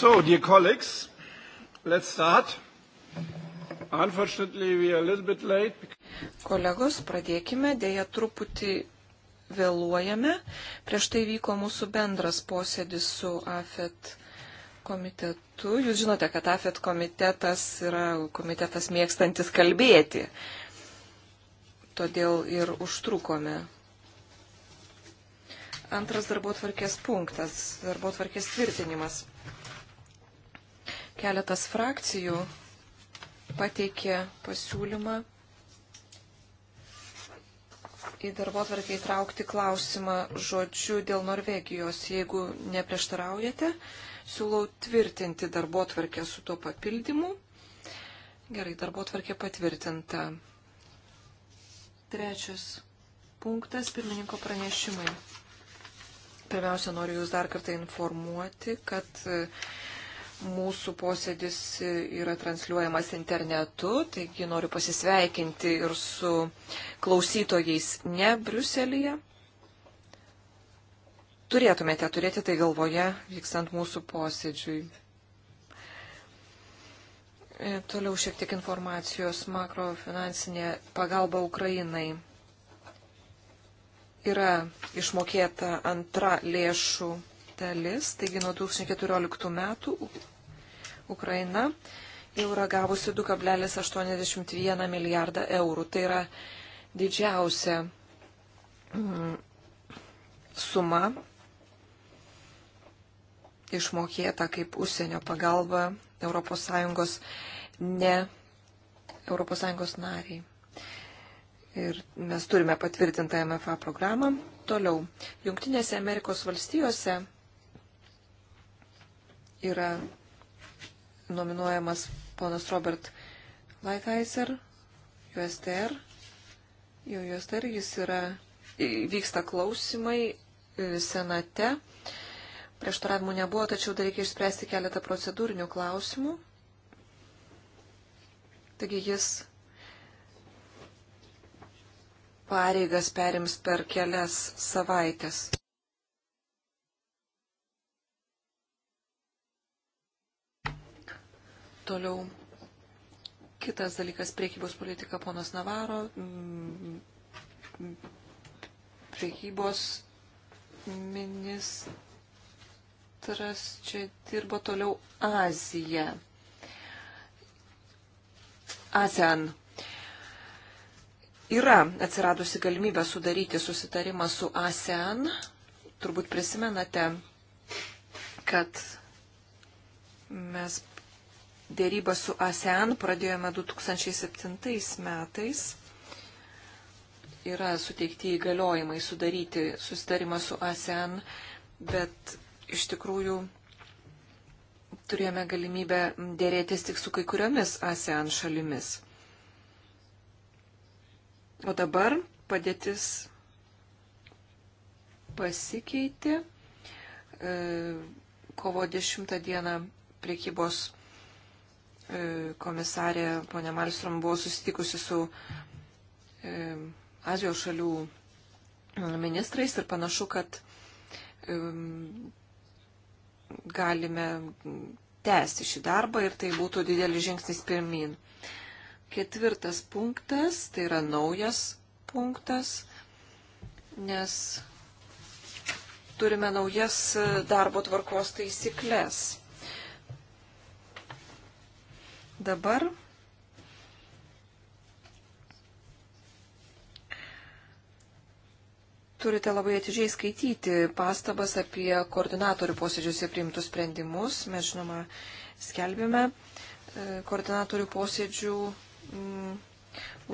So, dear colleagues, let's start. Unfortunately, we are a little bit late. Kolegos, pradėkime, dėja truputį vėluojame. Prieš tai vyko mūsų bendras posėdis su AFET komitetu. Jūs žinote, kad AFET komitetas yra komitetas mėgstantis kalbėti. Todėl ir užtrukome Antras darbo tvarkės punktas - darbo tvarkės tvirtinimas. Keletas frakcijų pateikė pasiūlymą į darbo tvarkį įtraukti klausimą žodžiu dėl Norvegijos. Jeigu neprieštaraujate, siūlau tvirtinti darbo tvarkę su tuo papildymu. Gerai, darbo tvarkė patvirtinta. Trečias punktas - pirmininko pranešimai. Pirmiausia, noriu Jūs dar kartą informuoti, kad Mūsų posėdis yra transliuojamas internetu, taigi noriu pasisveikinti ir su klausytojais ne Briuselėje. Turėtumėte turėti tai galvoje, vykstant mūsų posėdžiui. E, toliau šiek tiek informacijos makrofinansinė pagalba Ukrainai yra išmokėta antra lėšų dalis. Taigi nuo 2014 metų Ukraina jau yra gavusi 2,81 milijardą eurų. Tai yra didžiausia mm, suma išmokėta kaip užsienio pagalba ES ne ES nariai. Ir mes turime patvirtintą MFA programą. Toliau, Junktinėse Amerikos valstijose yra nominuojamas ponas Robert Lighthizer, USTR. Jau USTR jis yra, vyksta klausimai e, senate. Prieštaravimų nebuvo, tačiau dar reikia išspręsti keletą procedūrinių klausimų. Taigi jis pareigas perims per kelias savaitės. Toliau kitas dalykas - priekybos politika ponas Navaro, mm, priekybos ministras čia dirbo toliau Azija. ASEAN yra atsiradusi galimybė sudaryti susitarimą su ASEAN. Turbūt prisimenate, kad mes dėrybą su ASEAN pradėjome 2007 metais. Yra suteikti įgaliojimai sudaryti susitarimą su ASEAN, bet iš tikrųjų turėjome galimybę dėrėtis tik su kai kuriomis ASEAN šalimis. O dabar padėtis pasikeitė. E, kovo 10 dieną priekybos E, komisarė ponė Malstrom buvo susitikusi su e, Azijos šalių e, ministrais ir panašu, kad galime tęsti šį darbą ir tai būtų didelis žingsnis pirmin. Ketvirtas punktas, tai yra naujas punktas, nes turime naujas darbo tvarkos taisyklės. Dabar turite labai atidžiai skaityti pastabas apie koordinatorių posėdžiuose priimtus sprendimus. Mes, žinoma, skelbėme e, koordinatorių posėdžių mm,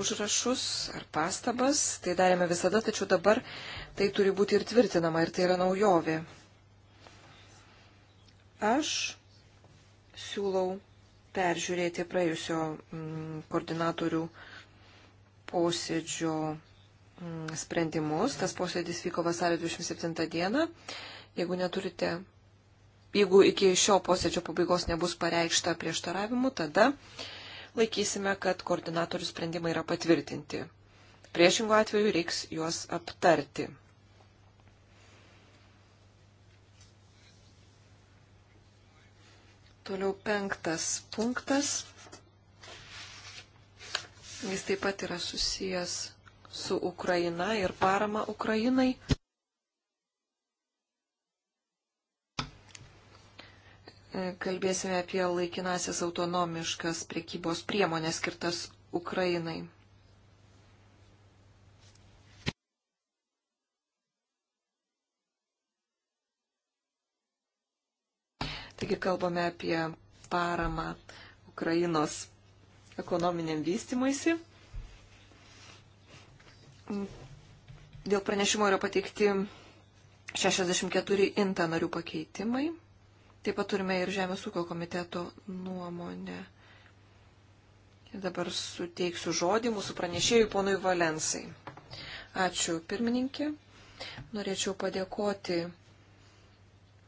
užrašus ar pastabas. Tai darėme visada, tačiau dabar tai turi būti ir tvirtinama, ir tai yra naujovė. Aš siūlau peržiūrėti praėjusio mm, koordinatorių posėdžio mm, sprendimus. Tas posėdis vyko vasario 27 dieną. Jeigu neturite, jeigu iki šio posėdžio pabaigos nebus pareikšta prieštaravimų, tada laikysime, kad koordinatorių sprendimai yra patvirtinti. Priešingų atveju reiks juos aptarti. Toliau penktas punktas. Jis taip pat yra susijęs su Ukraina ir parama Ukrainai. Kalbėsime apie laikinasias autonomiškas prekybos priemonės skirtas Ukrainai. Taigi kalbame apie paramą Ukrainos ekonominiam vystimuisi. Dėl pranešimo yra pateikti 64 inta narių pakeitimai. Taip pat turime ir Žemės ūkio komiteto nuomonę. Ir dabar suteiksiu žodį mūsų pranešėjui ponui Valensai. Ačiū pirmininkė. Norėčiau padėkoti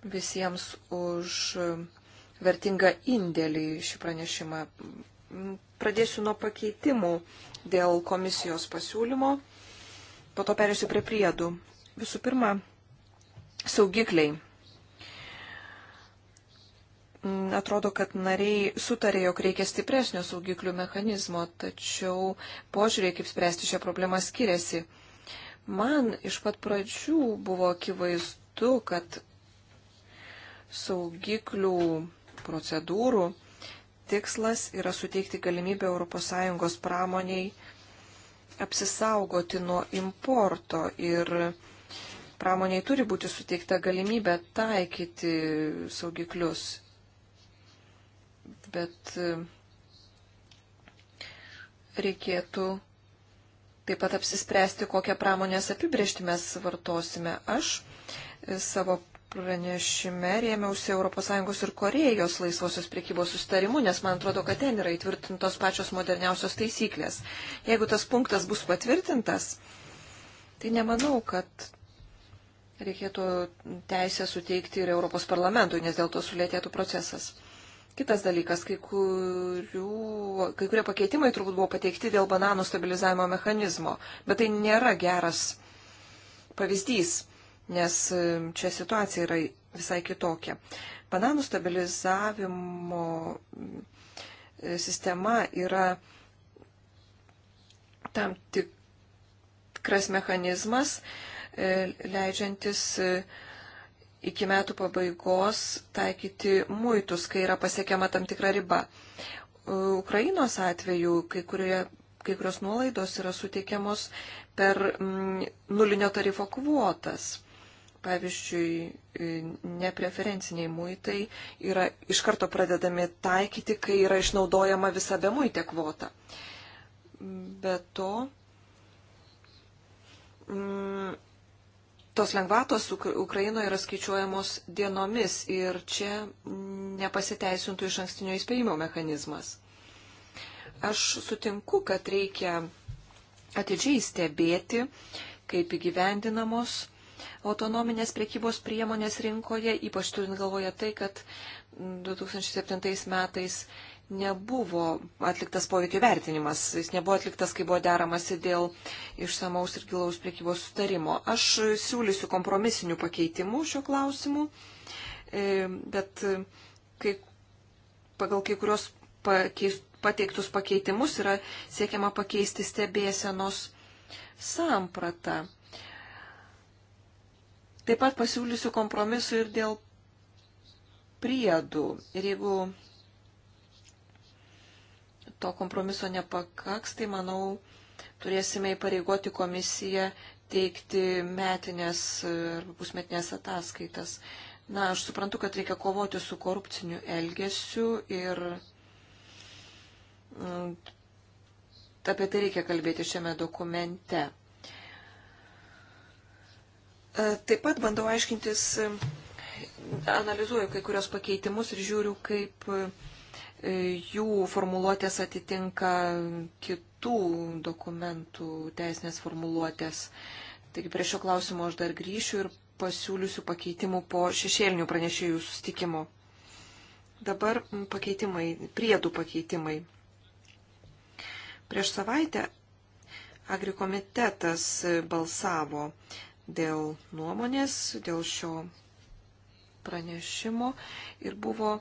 visiems už vertingą indėlį šį pranešimą. Pradėsiu nuo pakeitimų dėl komisijos pasiūlymo, po to perėsiu prie priedų. Visų pirma, saugikliai. Atrodo, kad nariai sutarė, jog reikia stipresnio saugiklių mechanizmo, tačiau požiūrė, kaip spręsti šią problemą, skiriasi. Man iš pat pradžių buvo akivaizdu, kad saugiklių procedūrų tikslas yra suteikti galimybę ES pramoniai apsisaugoti nuo importo ir pramoniai turi būti suteikta galimybė taikyti saugiklius. Bet e, reikėtų taip pat apsispręsti, kokią pramonės apibriežtį mes vartosime. Aš e, savo pranešime rėmiausi ES ir Korejos laisvosios priekybos sustarimu, nes man atrodo, kad ten yra įtvirtintos pačios moderniausios taisyklės. Jeigu tas punktas bus patvirtintas, tai nemanau, kad reikėtų teisę suteikti ir Europos parlamentui, nes dėl to sulėtėtų procesas. Kitas dalykas, kai, kurių, kai kurie pakeitimai turbūt buvo pateikti dėl bananų stabilizavimo mechanizmo, bet tai nėra geras pavyzdys nes e, čia situacija yra visai kitokia. Bananų stabilizavimo e, sistema yra tam tikras mechanizmas, e, leidžiantis iki metų pabaigos taikyti muitus, kai yra pasiekiama tam tikra riba. Ukrainos atveju kai, kurie, kai kurios nuolaidos yra suteikiamos per mm, nulinio tarifo kvotas pavyzdžiui, e, nepreferenciniai muitai yra iš karto pradedami taikyti, kai yra išnaudojama visa be muitė kvota. Be to, mm, tos lengvatos Ukrainoje yra skaičiuojamos dienomis ir čia nepasiteisintų iš ankstinio įspėjimo mechanizmas. Aš sutinku, kad reikia atidžiai stebėti, kaip įgyvendinamos autonominės priekybos priemonės rinkoje, ypač turint galvoje tai, kad 2007 metais nebuvo atliktas poveikio vertinimas, jis nebuvo atliktas, kai buvo deramasi dėl išsamaus ir gilaus priekybos sutarimo. Aš siūlysiu kompromisinių pakeitimų šiuo klausimu, e, bet e, kai, pagal kai kurios pakeist, pateiktus pakeitimus yra siekiama pakeisti stebėsenos sampratą. Taip pat pasiūlysiu kompromisu ir dėl priedų. Ir jeigu to kompromiso nepakaks, tai manau, turėsime įpareigoti komisiją teikti metinės e, ar pusmetinės ataskaitas. Na, aš suprantu, kad reikia kovoti su korupciniu elgesiu ir mm, apie tai reikia kalbėti šiame dokumente. E, taip pat bandau aiškintis, e, analizuoju kai kurios pakeitimus ir žiūriu, kaip e, jų formuluotės atitinka kitų dokumentų teisinės formuluotės. Taigi prie šio klausimo aš dar grįšiu ir pasiūliusiu pakeitimų po šešėlinių pranešėjų sustikimo. Dabar pakeitimai, priedų pakeitimai. Prieš savaitę agrikomitetas balsavo dėl nuomonės, dėl šio pranešimo ir buvo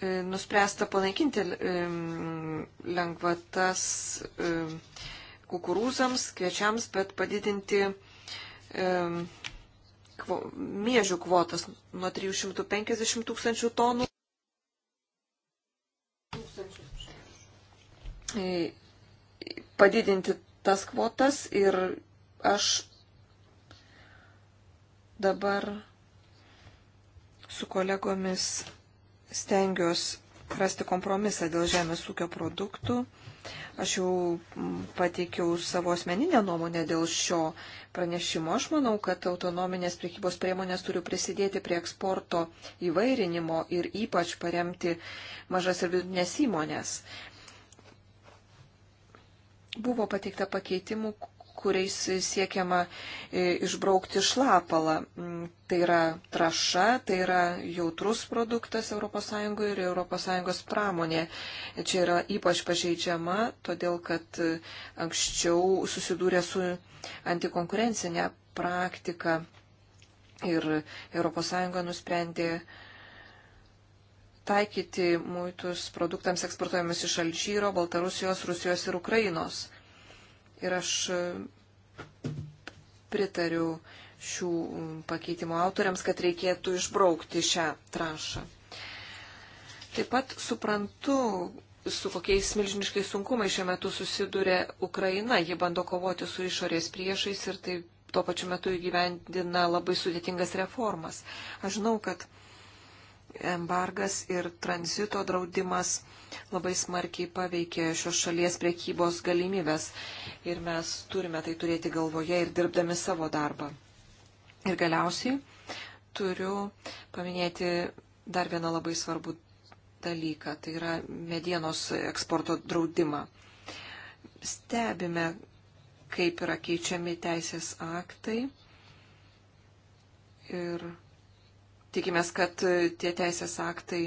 e, nuspręsta panaikinti e, lengvatas e, kukurūzams, kviečiams, bet padidinti kvo, miežių kvotas nuo 350 tūkstančių tonų. Padidinti tas kvotas ir aš Dabar su kolegomis stengiuosi rasti kompromisą dėl žemės ūkio produktų. Aš jau pateikiau savo asmeninę nuomonę dėl šio pranešimo. Aš manau, kad autonominės priekybos priemonės turi prisidėti prie eksporto įvairinimo ir ypač paremti mažas ir vidutinės įmonės. Buvo pateikta pakeitimų, kuriais siekiama e, išbraukti šlapalą. Mm, tai yra traša, tai yra jautrus produktas ES ir ES pramonė. Čia yra ypač pažeidžiama, todėl kad e, anksčiau susidūrė su antikonkurencinė praktika ir ES nusprendė taikyti muitus produktams eksportuojamis iš Alžyro, Baltarusijos, Rusijos ir Ukrainos. Ir aš pritariu šių pakeitimų autoriams, kad reikėtų išbraukti šią trašą. Taip pat suprantu, su kokiais milžiniškais sunkumais šiuo metu susiduria Ukraina. Ji bando kovoti su išorės priešais ir taip tuo pačiu metu įgyvendina labai sudėtingas reformas. Aš žinau, kad embargas ir tranzito draudimas labai smarkiai paveikė šios šalies priekybos galimybės ir mes turime tai turėti galvoje ir dirbdami savo darbą. Ir galiausiai turiu paminėti dar vieną labai svarbų dalyką, tai yra medienos eksporto draudimą. Stebime, kaip yra keičiami teisės aktai ir Tikimės, kad tie teisės aktai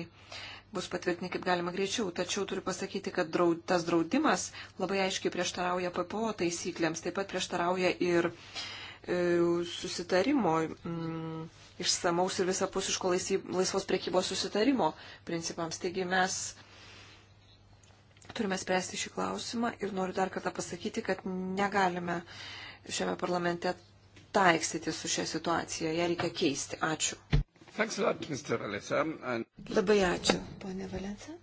bus patvirtinti kaip galima greičiau. Tačiau turiu pasakyti, kad draud, tas draudimas labai aiškiai prieštarauja PPO taisyklėms, taip pat prieštarauja ir e, susitarimo. Mm, išsamaus ir visapusiško laisvos priekybos susitarimo principams. Taigi mes turime spręsti šį klausimą ir noriu dar kartą pasakyti, kad negalime šiame parlamente taiksyti su šią situaciją. Ja reikia keisti. Ačiū. Labai ačiū, ponė Valensa.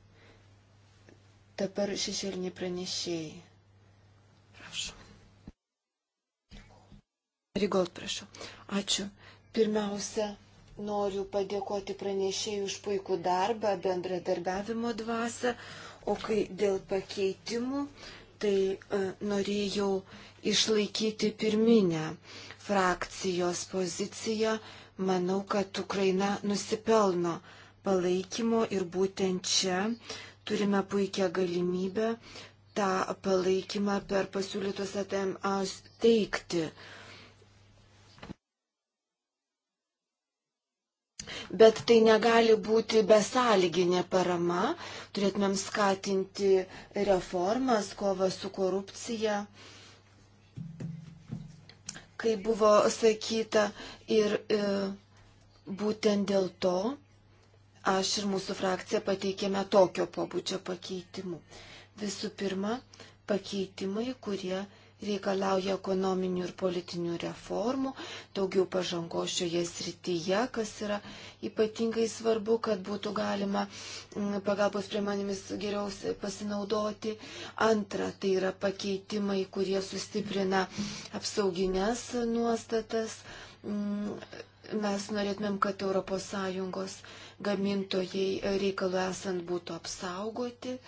Dabar šešėliniai pranešėjai. Prašau. Rigold, prašau. Ačiū. Pirmiausia, noriu padėkoti pranešėjai už puikų darbą, bendradarbiavimo dvasę, o kai dėl pakeitimų, tai uh, norėjau išlaikyti pirminę frakcijos poziciją, uh, Manau, kad Ukraina nusipelno palaikymo ir būtent čia turime puikią galimybę tą palaikymą per pasiūlytus ATMA teikti. Bet tai negali būti besąlyginė parama, turėtumėm skatinti reformas, kovą su korupcija. Uh, kai buvo sakyta ir e, būtent dėl to aš ir mūsų frakcija pateikėme tokio pobūdžio pakeitimų. Visų pirma, pakeitimai, kurie reikalauja ekonominių ir politinių reformų, daugiau pažangos šioje srityje, kas yra ypatingai svarbu, kad būtų galima mm, pagalbos priemonėmis geriau pasinaudoti. Antra, tai yra pakeitimai, kurie sustiprina apsauginės nuostatas. Mm, mes norėtumėm, kad ES gamintojai reikalų esant būtų apsaugoti.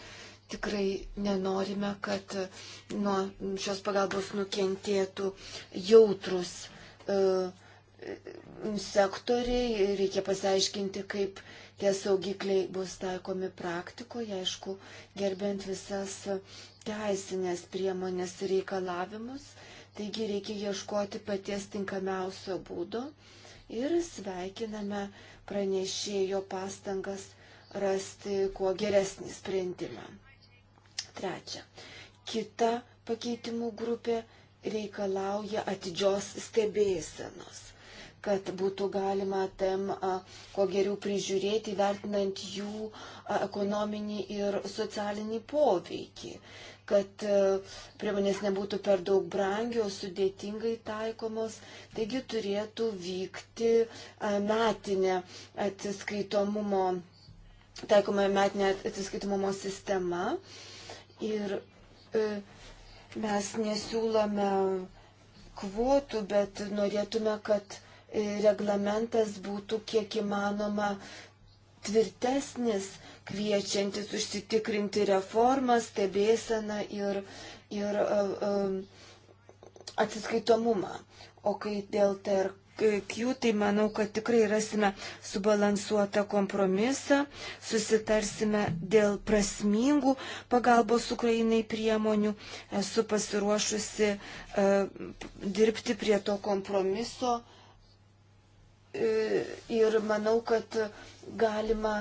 Tikrai nenorime, kad nuo šios pagalbos nukentėtų jautrus uh, sektoriai. Reikia pasiaiškinti, kaip tie saugikliai bus taikomi praktikoje, aišku, gerbent visas teisinės priemonės reikalavimus. Taigi reikia ieškoti paties tinkamiausio būdo ir sveikiname pranešėjo pastangas rasti kuo geresnį sprendimą. Trečia, kita pakeitimų grupė reikalauja atidžios stebėsenos kad būtų galima tam ko geriau prižiūrėti, vertinant jų ekonominį ir socialinį poveikį, kad e, priemonės nebūtų per daug brangios, sudėtingai taikomos, taigi turėtų vykti metinė atsiskaitomumo, taikoma metinė atsiskaitomumo sistema. Ir e, mes nesiūlome kvotų, bet norėtume, kad e, reglamentas būtų kiek įmanoma tvirtesnis, kviečiantis užsitikrinti reformą, stebėseną ir, ir um, atsiskaitomumą. O kai dėl TRK Q, tai manau, kad tikrai rasime subalansuotą kompromisą, susitarsime dėl prasmingų pagalbos Ukrainai priemonių. Esu pasiruošusi uh, dirbti prie to kompromiso e, ir manau, kad galima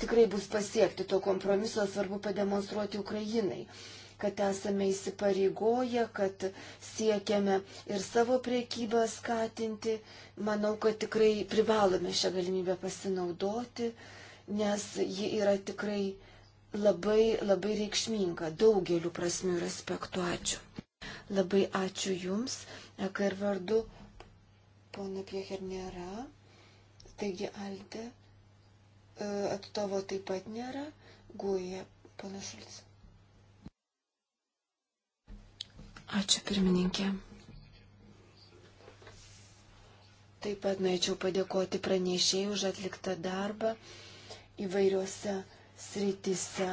tikrai bus pasiekti to kompromiso, svarbu pademonstruoti Ukrainai. Uh, kad esame įsipareigoję, kad siekiame ir savo priekybą skatinti. Manau, kad tikrai privalome šią galimybę pasinaudoti, nes ji yra tikrai labai, labai reikšminga daugeliu prasmių ir aspektų. Ačiū. Labai ačiū Jums, kad vardu pono Piecher nėra, taigi Alte e, atstovo taip pat nėra, guoja ponas Šulis. Ačiū pirmininkė. Taip pat norėčiau padėkoti pranešėjai už atliktą darbą įvairiuose srityse.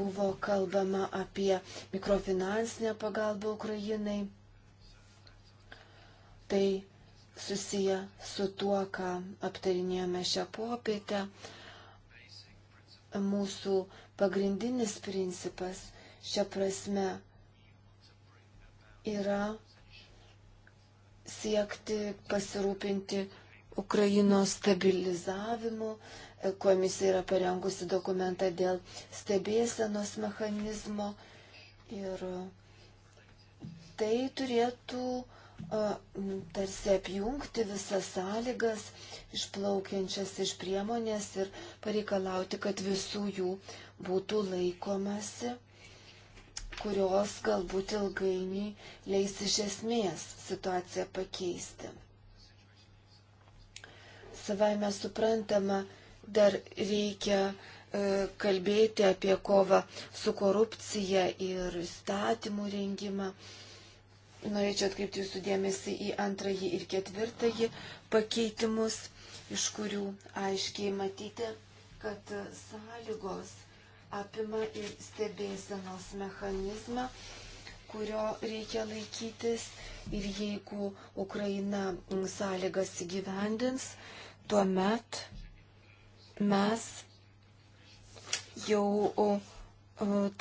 Buvo kalbama apie mikrofinansinę pagalbą Ukrainai. Tai susiję su tuo, ką aptarinėjome šią popietę. Mūsų pagrindinis principas šią prasme yra siekti pasirūpinti Ukrainos stabilizavimu. Komisija yra parengusi dokumentą dėl stebėsenos mechanizmo ir tai turėtų tarsi apjungti visas sąlygas išplaukiančias iš priemonės ir pareikalauti, kad visų jų būtų laikomasi kurios galbūt ilgainiui leis iš esmės situaciją pakeisti. Savai mes suprantama, dar reikia e, kalbėti apie kovą su korupcija ir statymų rengimą. Norėčiau atkreipti jūsų dėmesį į antrąjį ir ketvirtąjį pakeitimus, iš kurių aiškiai matyti, kad sąlygos apima ir stebėsenos mechanizmą, kurio reikia laikytis ir jeigu Ukraina sąlygas įgyvendins, tuomet mes jau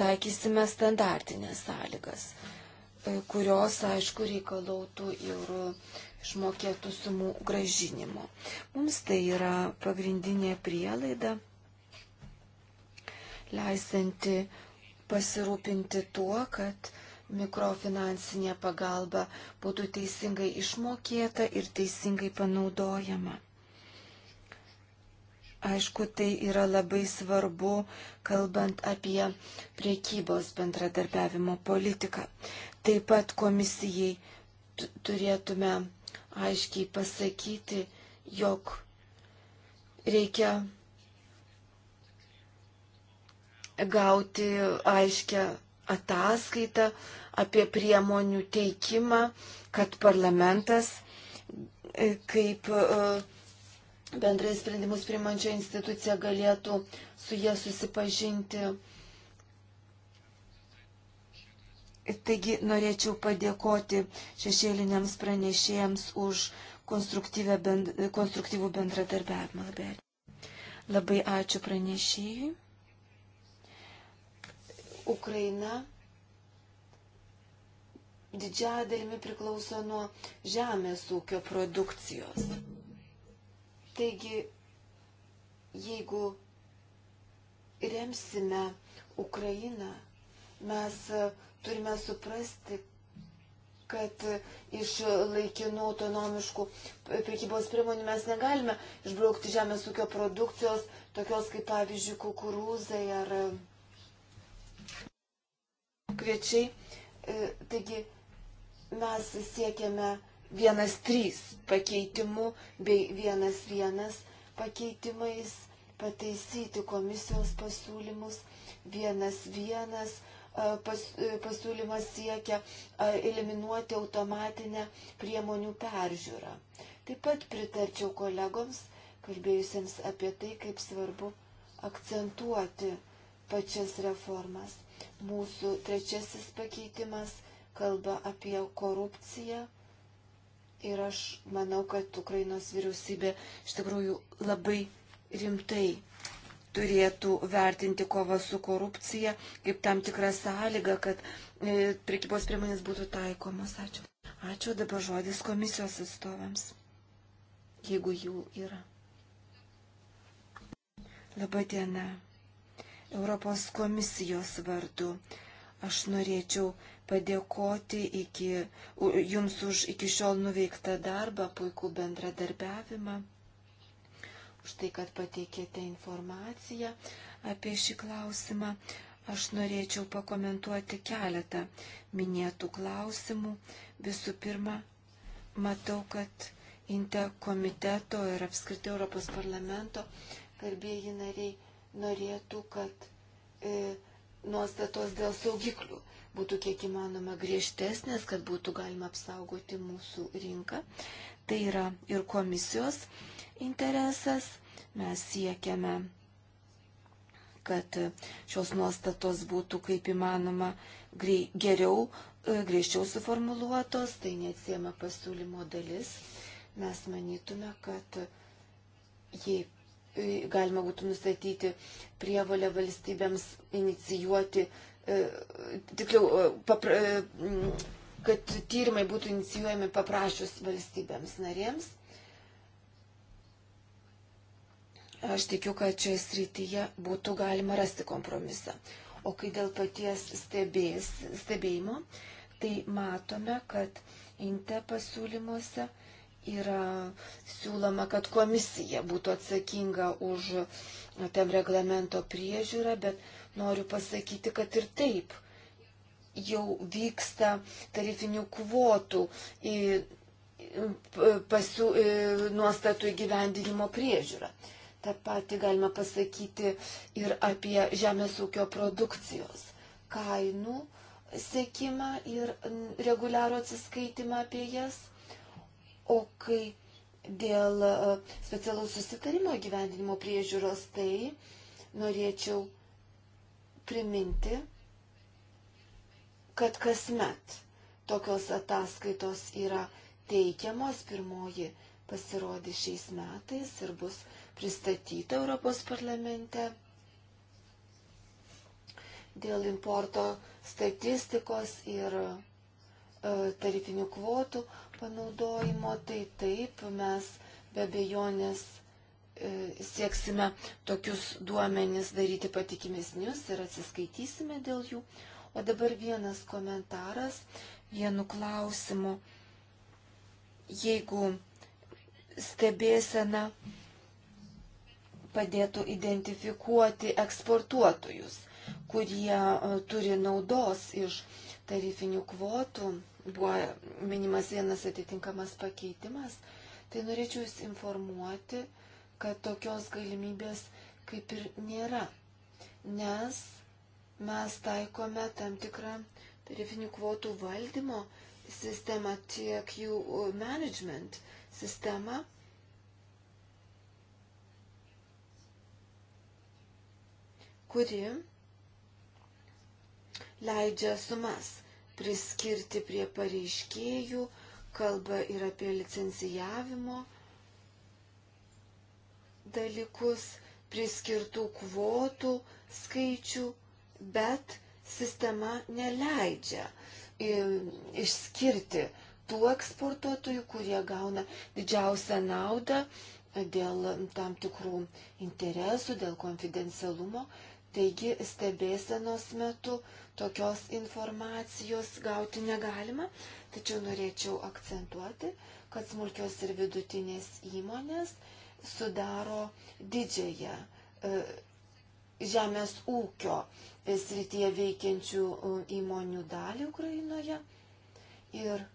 taikysime standartinės sąlygas, e, kurios, aišku, reikalautų ir išmokėtų sumų gražinimo. Mums tai yra pagrindinė prielaida leisanti pasirūpinti tuo, kad mikrofinansinė pagalba būtų teisingai išmokėta ir teisingai panaudojama. Aišku, tai yra labai svarbu, kalbant apie priekybos bendradarbiavimo politiką. Taip pat komisijai turėtume aiškiai pasakyti, jog reikia gauti aiškę ataskaitą apie priemonių teikimą, kad parlamentas e, kaip e, bendrai sprendimus primančia institucija galėtų su jie susipažinti. Taigi norėčiau padėkoti šešėliniams pranešėjams už bend, konstruktyvų bendradarbiavimą. Labai ačiū pranešėjui. Ukraina didžiąją dalimi priklauso nuo žemės ūkio produkcijos. Taigi, jeigu remsime Ukrainą, mes turime suprasti, kad iš laikinų autonomiškų prekybos priemonių mes negalime išbraukti žemės ūkio produkcijos, tokios kaip pavyzdžiui kukurūzai ar konkrečiai. E, taigi mes siekiame vienas trys pakeitimu bei vienas vienas pakeitimais pataisyti komisijos pasiūlymus. Vienas vienas e, pas, e, pasiūlymas siekia eliminuoti automatinę priemonių peržiūrą. Taip pat pritarčiau kolegoms, kalbėjusiems apie tai, kaip svarbu akcentuoti pačias reformas. Mūsų trečiasis pakeitimas kalba apie korupciją. Ir aš manau, kad Ukrainos vyriausybė iš tikrųjų labai rimtai turėtų vertinti kovą su korupcija kaip tam tikrą sąlygą, kad e, prekybos priemonės būtų taikomos. Ačiū. Ačiū dabar žodis komisijos atstovams, jeigu jų yra. Labą dieną. Europos komisijos vardu. Aš norėčiau padėkoti iki, jums už iki šiol nuveiktą darbą, puikų bendradarbiavimą, už tai, kad pateikėte informaciją apie šį klausimą. Aš norėčiau pakomentuoti keletą minėtų klausimų. Visų pirma, matau, kad Inte komiteto ir apskritai Europos parlamento garbėjai nariai norėtų, kad e, nuostatos dėl saugiklių būtų kiek įmanoma griežtesnės, kad būtų galima apsaugoti mūsų rinką. Tai yra ir komisijos interesas. Mes siekiame, kad šios nuostatos būtų kaip įmanoma grei, geriau, e, griežčiau suformuluotos, tai neatsiema pasiūlymo dalis. Mes manytume, kad jei E, galima būtų nustatyti prievalę valstybėms inicijuoti, e, tiksliau, e, kad tyrimai būtų inicijuojami paprašius valstybėms narėms. Aš tikiu, kad šioje srityje būtų galima rasti kompromisą. O kai dėl paties stebės, stebėjimo, tai matome, kad inte pasiūlymuose uh, yra siūloma, kad komisija būtų atsakinga už tam reglamento priežiūrą, bet noriu pasakyti, kad ir taip jau vyksta tarifinių kvotų į pasiū, nuostatų įgyvendinimo priežiūra. Ta pati galima pasakyti ir apie žemės ūkio produkcijos kainų sėkimą ir reguliarų atsiskaitimą apie jas. O kai dėl e, specialaus susitarimo gyvendinimo priežiūros, tai norėčiau priminti, kad kasmet tokios ataskaitos yra teikiamos. Pirmoji pasirodė šiais metais ir bus pristatyta Europos parlamente dėl importo statistikos ir e, tarifinių kvotų, panaudojimo, tai taip mes be abejonės e, sieksime tokius duomenis daryti patikimesnius ir atsiskaitysime dėl jų. O dabar vienas komentaras, vienu klausimu. Jeigu stebėsena padėtų identifikuoti eksportuotojus, kurie e, turi naudos iš tarifinių kvotų, buvo minimas vienas atitinkamas pakeitimas, tai norėčiau Jūs informuoti, kad tokios galimybės kaip ir nėra, nes mes taikome tam tikrą tarifinių kvotų valdymo sistemą, tiek jų uh, management sistemą. kuri leidžia sumas priskirti prie pareiškėjų, kalba ir apie licencijavimo dalykus, priskirtų kvotų skaičių, bet sistema neleidžia išskirti tų eksportuotojų, kurie gauna didžiausią naudą dėl tam tikrų interesų, dėl konfidencialumo Taigi stebėsenos metu tokios informacijos gauti negalima, tačiau norėčiau akcentuoti, kad smulkios ir vidutinės įmonės sudaro didžiąją e, žemės ūkio e, srityje veikiančių e, įmonių dalį Ukrainoje. Ir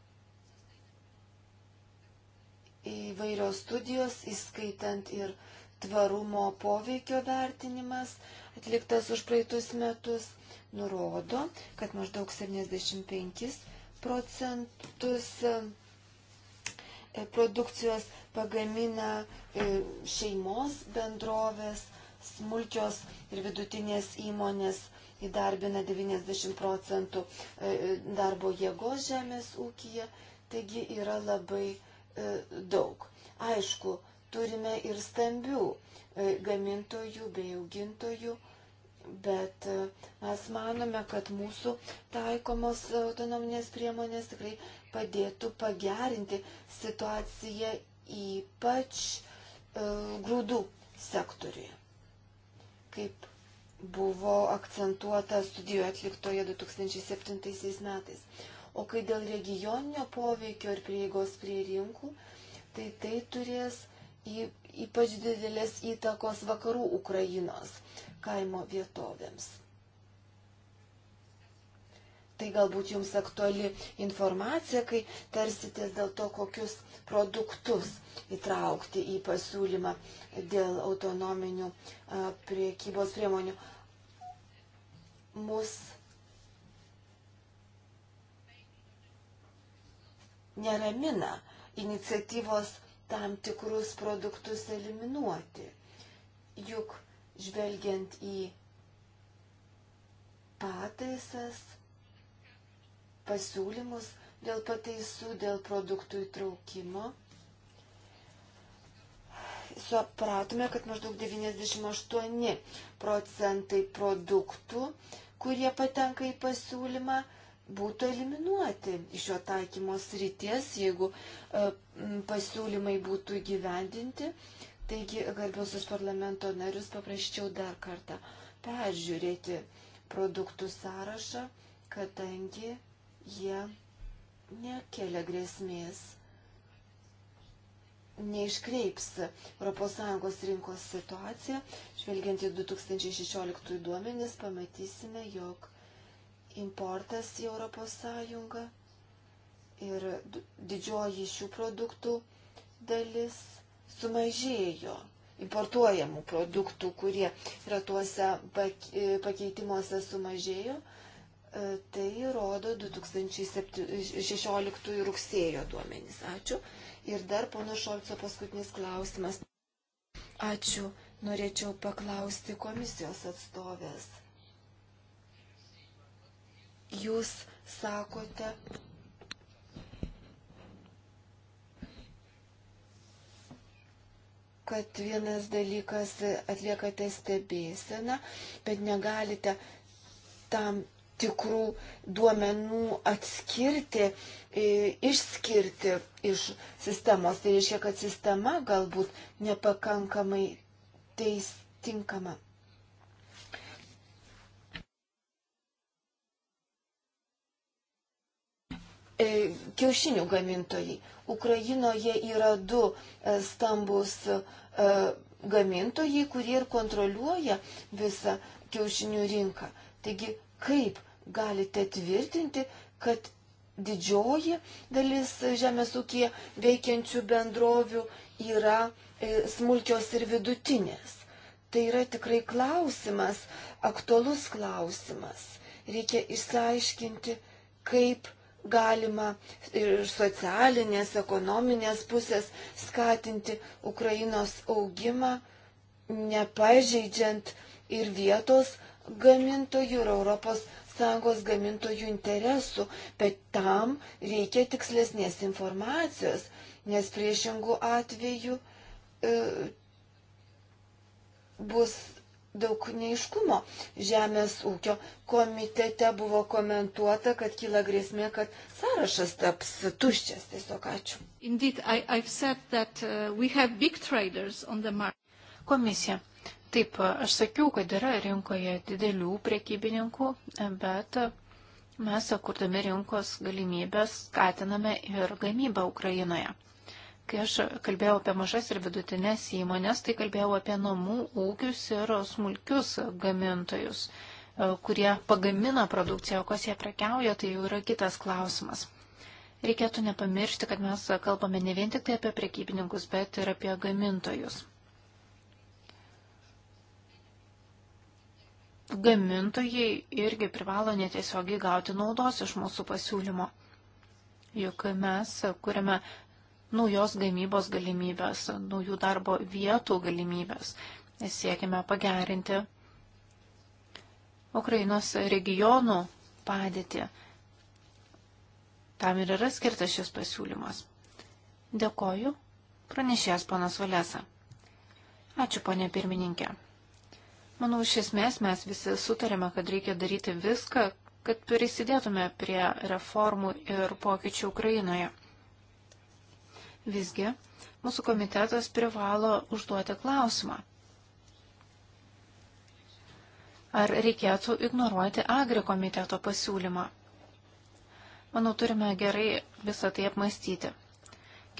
įvairios studijos, įskaitant ir tvarumo poveikio vertinimas, atliktas už praeitus metus nurodo, kad maždaug 75 procentus e, produkcijos pagamina e, šeimos bendrovės, smulkios ir vidutinės įmonės įdarbina 90 procentų e, darbo jėgos žemės ūkija, taigi yra labai daug. Aišku, Turime ir stambių e, gamintojų bei augintojų, bet e, mes manome, kad mūsų taikomos autonominės priemonės tikrai padėtų pagerinti situaciją ypač e, grūdų sektoriuje, kaip buvo akcentuota studijoje atliktoje 2007 metais. O kai dėl regioninio poveikio ir prieigos prie rinkų, tai tai turės ypač didelės įtakos vakarų Ukrainos kaimo vietovėms. Tai galbūt jums aktuali informacija, kai tarsitės dėl to, kokius produktus įtraukti į pasiūlymą dėl autonominių priekybos priemonių. Mus neramina iniciatyvos tam tikrus produktus eliminuoti. Juk žvelgiant į pataisas, pasiūlymus dėl pataisų, dėl produktų įtraukimo, supratome, kad maždaug 98 procentai produktų, kurie patenka į pasiūlymą, būtų eliminuoti iš jo taikymo srities, jeigu e, pasiūlymai būtų gyvendinti. Taigi, garbiausius parlamento narius papraščiau dar kartą peržiūrėti produktų sąrašą, kadangi jie nekelia grėsmės, neiškreips ES rinkos situaciją. Žvelgiant į 2016 duomenis, pamatysime, jog importas į Europos Sąjungą ir didžioji šių produktų dalis sumažėjo importuojamų produktų, kurie yra tuose pakeitimuose sumažėjo, e, tai rodo 2016 rugsėjo duomenys. Ačiū. Ir dar pono Šolco paskutinis klausimas. Ačiū. Norėčiau paklausti komisijos atstovės jūs sakote, kad vienas dalykas atliekate stebėseną, bet negalite tam tikrų duomenų atskirti, e, išskirti iš sistemos. Tai reiškia, kad sistema galbūt nepakankamai teis tinkama. E, kiaušinių gamintojai. Ukrainoje yra du e, stambus e, gamintojai, kurie ir kontroliuoja visą kiaušinių rinką. Taigi, kaip galite tvirtinti, kad didžioji dalis žemės ūkija veikiančių bendrovių yra smulkios ir vidutinės? Tai yra tikrai klausimas, aktualus klausimas. Reikia išsiaiškinti, kaip uh, galima ir socialinės, ekonominės pusės skatinti Ukrainos augimą, nepažeidžiant ir vietos gamintojų, ir Europos sąjungos gamintojų interesų, bet tam reikia tikslesnės informacijos, nes priešingų atvejų e, bus daug neiškumo. Žemės ūkio komitete buvo komentuota, kad kyla grėsmė, kad sąrašas taps tuščias. Tiesiog ačiū. Indeed, I, that, uh, Komisija. Taip, uh, aš sakiau, kad yra rinkoje didelių priekybininkų, uh, bet uh, mes, kurdami rinkos galimybės, skatiname ir gamybą Ukrainoje. Kai aš kalbėjau apie mažas ir vidutinės įmonės, tai kalbėjau apie namų ūkius ir smulkius gamintojus, e, kurie pagamina produkciją, o kas jie prekiauja, tai jau yra kitas klausimas. Reikėtų nepamiršti, kad mes kalbame ne vien tik tai apie prekybininkus, bet ir apie gamintojus. Gamintojai irgi privalo netiesiogiai gauti naudos iš mūsų pasiūlymo. Juk mes kuriame naujos gamybos galimybės, naujų darbo vietų galimybės. Siekime pagerinti Ukrainos regionų padėtį. Tam ir yra skirtas šis pasiūlymas. Dėkoju, pranešės panas Valesa. Ačiū, ponė pirmininkė. Manau, iš esmės mes visi sutarėme, kad reikia daryti viską, kad prisidėtume prie reformų ir pokyčių Ukrainoje. Visgi, mūsų komitetas privalo užduoti klausimą. Ar reikėtų ignoruoti agri komiteto pasiūlymą? Manau, turime gerai visą tai apmastyti.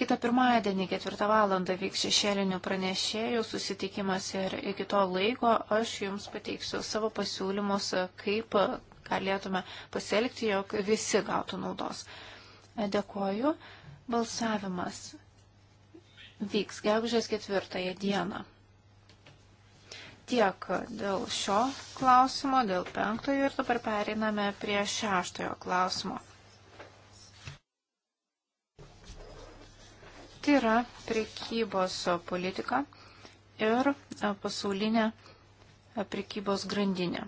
Kita pirmadienį 4 val. vyks šešėlinių pranešėjų susitikimas ir iki to laiko aš jums pateiksiu savo pasiūlymus, kaip galėtume pasielgti, jog visi gautų naudos. Dėkoju. Balsavimas vyks gegužės ketvirtąją dieną. Tiek dėl šio klausimo, dėl penktojo ir dabar pereiname prie šeštojo klausimo. Tai yra prekybos politika ir pasaulinė prekybos grandinė.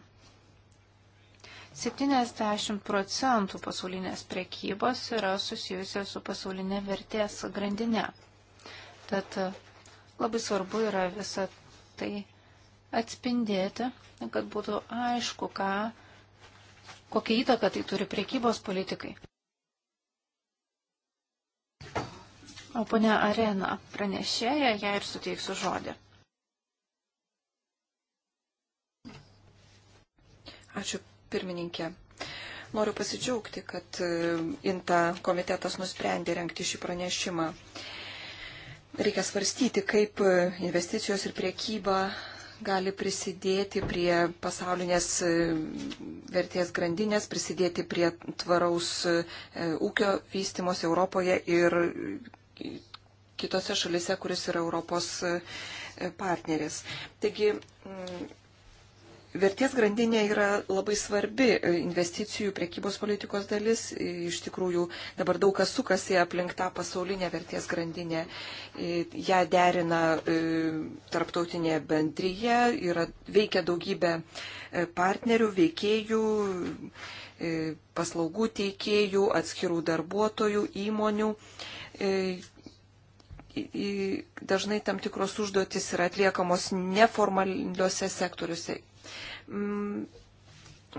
70 procentų pasaulinės prekybos yra susijusios su pasaulinė vertės grandinė. Tad e, labai svarbu yra visą tai atspindėti, kad būtų aišku, ką, kokią įtaką tai turi prekybos politikai. O ponia Arena pranešėja, ją ir suteiksiu žodį. Ačiū pirmininkė. Noriu pasidžiaugti, kad e, INTA komitetas nusprendė renkti šį pranešimą. Reikia svarstyti, kaip e, investicijos ir priekyba gali prisidėti prie pasaulinės e, vertės grandinės, prisidėti prie tvaraus ūkio vystimos Europoje ir kitose šalise, kuris yra Europos partneris. Taigi Vertės grandinė yra labai svarbi investicijų priekybos politikos dalis. Iš tikrųjų, dabar daug kas sukasi aplink tą pasaulinę vertės grandinę. E, ja derina e, tarptautinė bendryje, yra, veikia daugybė e, partnerių, veikėjų, paslaugų teikėjų, atskirų darbuotojų, įmonių dažnai tam tikros užduotis yra atliekamos neformaliuose sektoriuose Mm,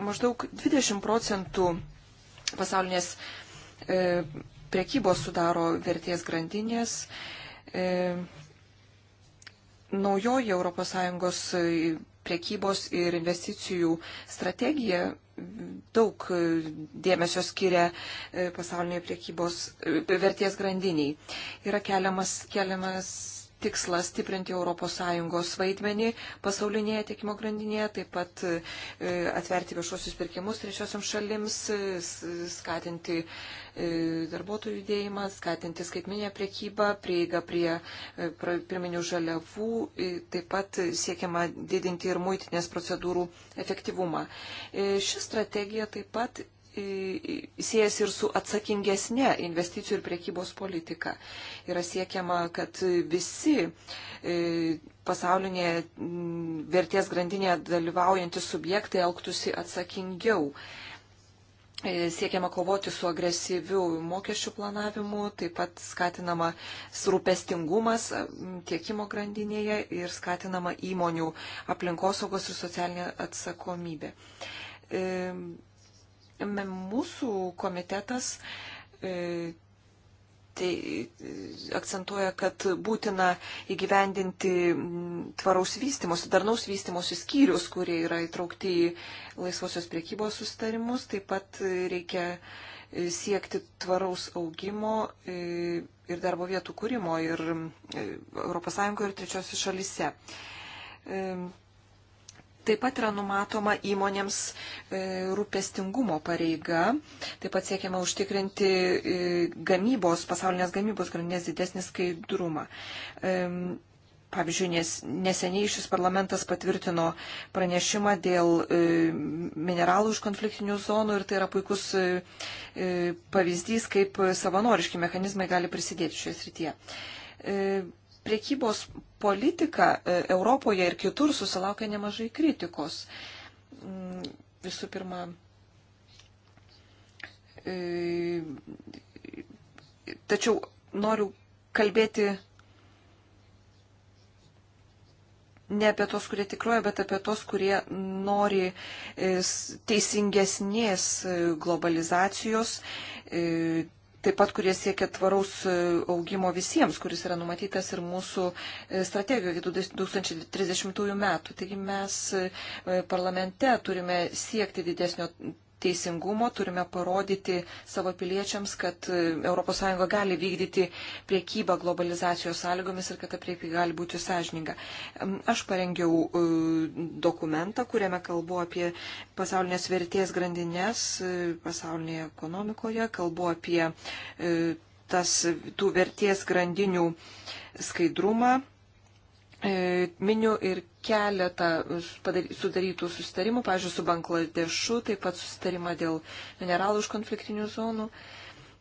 maždaug 20 procentų pasaulinės e, prekybos sudaro vertės grandinės. E, naujoji ES e, priekybos ir investicijų strategija daug dėmesio skiria pasauliniai priekybos vertės grandiniai. Yra keliamas, keliamas tikslas stiprinti ES vaidmenį pasaulinėje tiekimo grandinėje, taip pat e, atverti viešuosius pirkimus trečiosiam šalims, e, skatinti e, darbuotojų judėjimą, skatinti skaitminę priekybą, prieigą prie pirminių žaliavų, taip pat siekiama didinti ir muitinės procedūrų efektyvumą. Ši strategija taip pat siejasi ir su atsakingesnė investicijų ir priekybos politika. Yra siekiama, kad visi e, pasaulinėje vertės grandinėje dalyvaujantys subjektai elgtųsi atsakingiau. E, siekiama kovoti su agresyviu mokesčių planavimu, taip pat skatinama rūpestingumas tiekimo grandinėje ir skatinama įmonių aplinkosaugos ir socialinė atsakomybė e, Mūsų komitetas e, tai e, akcentuoja, kad būtina įgyvendinti tvaraus vystimosi, darnaus vystimosi skyrius, kurie yra įtraukti į laisvosios priekybos sustarimus. Taip pat reikia e, siekti tvaraus augimo ir darbo vietų kūrimo ir ES ir trečiosios šalise. Taip pat yra numatoma įmonėms e, rūpestingumo pareiga, taip pat siekiama užtikrinti e, gamybos, pasaulinės gamybos grandinės didesnį skaidrumą. E, pavyzdžiui, nes, neseniai šis parlamentas patvirtino pranešimą dėl e, mineralų iš konfliktinių zonų ir tai yra puikus e, pavyzdys, kaip savanoriški mechanizmai gali prisidėti šioje srityje. E, priekybos politika e, Europoje ir kitur susilaukia nemažai kritikos. Mm, visų pirma, e, tačiau noriu kalbėti ne apie tos, kurie tikroja, bet apie tos, kurie nori e, teisingesnės globalizacijos, taip pat kurie siekia tvaraus e, augimo visiems, kuris yra numatytas ir mūsų e, strategijoje iki 2030 metų. Taigi mes e, parlamente turime siekti didesnio teisingumo, turime parodyti savo piliečiams, kad ES gali vykdyti priekybą globalizacijos sąlygomis ir kad ta priekyba gali būti sąžininga. Aš parengiau e, dokumentą, kuriame kalbu apie pasaulinės vertės grandinės e, pasaulinėje ekonomikoje, kalbu apie e, tas tų vertės grandinių skaidrumą, miniu ir keletą sudarytų sustarimų, pažiūrėjau, su Bangladešu, taip pat sustarimą dėl mineralų iš konfliktinių zonų.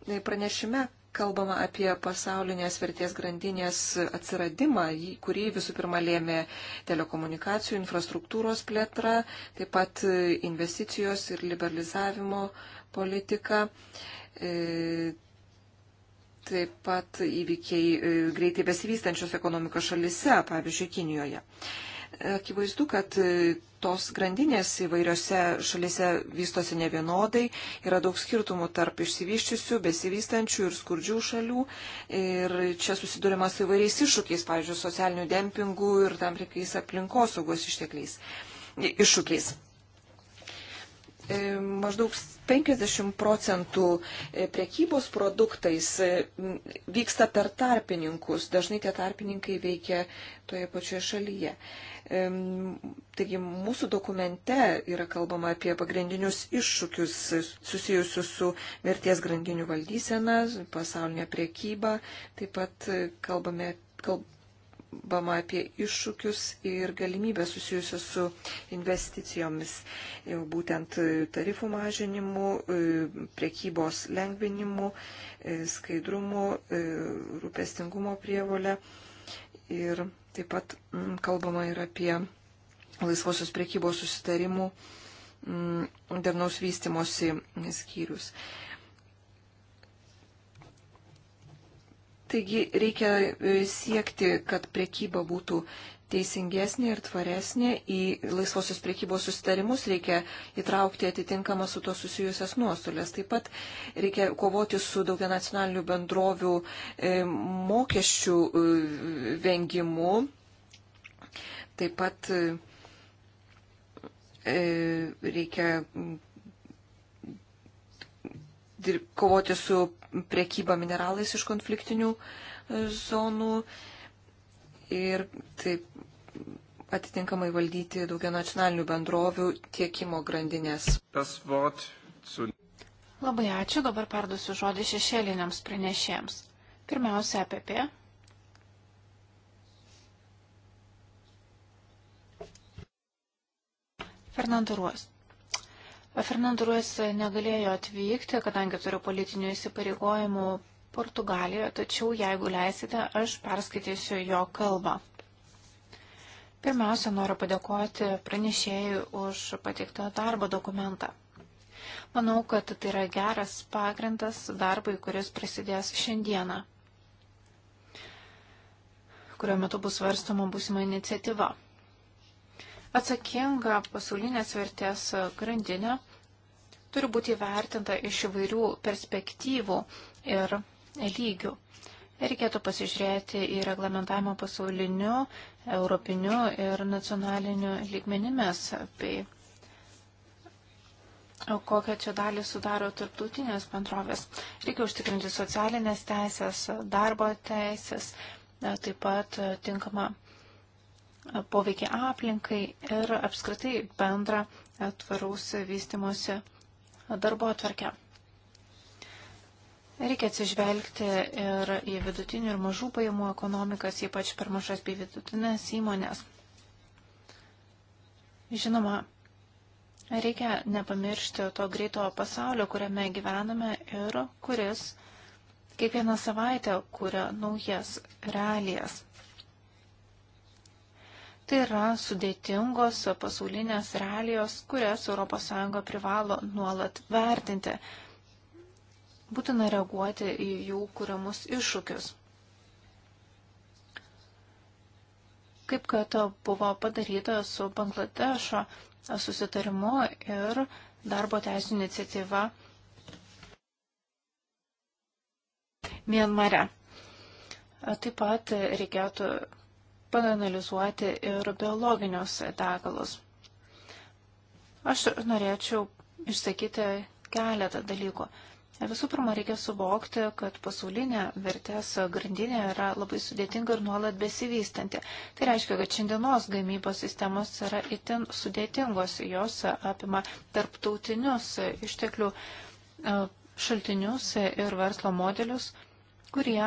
E, pranešime kalbama apie pasaulinės vertės grandinės atsiradimą, kurį visų pirma lėmė telekomunikacijų infrastruktūros plėtra, taip pat investicijos ir liberalizavimo politika. E, Taip pat įvykiai e, greitai besivystančios ekonomikos šalise, pavyzdžiui, Kinijoje. Akivaizdu, kad e, tos grandinės įvairiose šalise vystosi ne vienodai, yra daug skirtumų tarp išsivyščiusių, besivystančių ir skurdžių šalių. Ir čia susidurima su įvairiais iššūkiais, pavyzdžiui, socialiniu dempingu ir tam tikrais aplinkosaugos ištekliais. Iššūkiais. E, maždaug 50 procentų e, prekybos produktais e, vyksta per tarpininkus. Dažnai tie tarpininkai veikia toje pačioje šalyje. Taigi mūsų dokumente yra kalbama apie pagrindinius iššūkius susijusius su vertės grandinių valdysena, pasaulinė priekyba. Taip pat kalbame, kalb, kalbama apie iššūkius ir galimybę susijusios su investicijomis, jau e, būtent e, tarifų mažinimu, e, priekybos lengvinimu, skaidrumu, rūpestingumo prievolę. Ir taip pat mm, kalbama ir apie laisvosios priekybos susitarimų mm, darnaus vystimosi skyrius. Taigi reikia e, siekti, kad priekyba būtų teisingesnė ir tvaresnė. Į laisvosios priekybos sustarimus reikia įtraukti atitinkamą su to susijusias nuostolės. Taip pat reikia kovoti su daugianacionalinių bendrovių e, mokesčių e, vengimu. Taip pat reikia kovoti su priekyba mineralais iš konfliktinių e, zonų ir taip atitinkamai valdyti daugia nacionalinių bendrovių tiekimo grandinės. Su... Labai ačiū, dabar perdusiu žodį šešėliniams pranešėjams. Pirmiausia, APP. Fernando Ruos. Fernando Ruiz negalėjo atvykti, kadangi turiu politinių įsipareigojimų Portugalijoje, tačiau jeigu leisite, aš perskaitysiu jo kalbą. Pirmiausia, noriu padėkoti pranešėjui už pateiktą darbo dokumentą. Manau, kad tai yra geras pagrindas darbui, kuris prasidės šiandieną, kurio metu bus svarstama būsima iniciatyva. Atsakinga pasaulinės vertės grandinė turi būti vertinta iš įvairių perspektyvų ir lygių. Reikėtų pasižiūrėti į reglamentavimą pasauliniu, europiniu ir nacionaliniu lygmenimis, bei kokią čia dalį sudaro tarptautinės bendrovės. Reikia užtikrinti socialinės teisės, darbo teisės, taip pat tinkamą poveikį aplinkai ir apskritai bendrą tvaraus vystimosi darbo atvarkę. Reikia atsižvelgti ir į vidutinių ir mažų pajamų ekonomikas, ypač per mažas bei vidutinės įmonės. Žinoma, reikia nepamiršti to greito pasaulio, kuriame gyvename ir kuris kiekvieną savaitę kuria naujas realijas. Tai yra sudėtingos pasaulinės realijos, kurias ES privalo nuolat vertinti. Būtina reaguoti į jų kuriamus iššūkius. Kaip kad buvo padaryta su Bangladešo susitarimu ir darbo teisų iniciatyva Mienmare. Taip pat reikėtų panalizuoti ir biologinius degalus. Aš norėčiau išsakyti keletą dalykų. Visų pirma, reikia suvokti, kad pasaulinė vertės grandinė yra labai sudėtinga ir nuolat besivystanti. Tai reiškia, kad šiandienos gamybos sistemos yra itin sudėtingos, jos apima tarptautinius išteklių e, šaltinius ir verslo modelius, kurie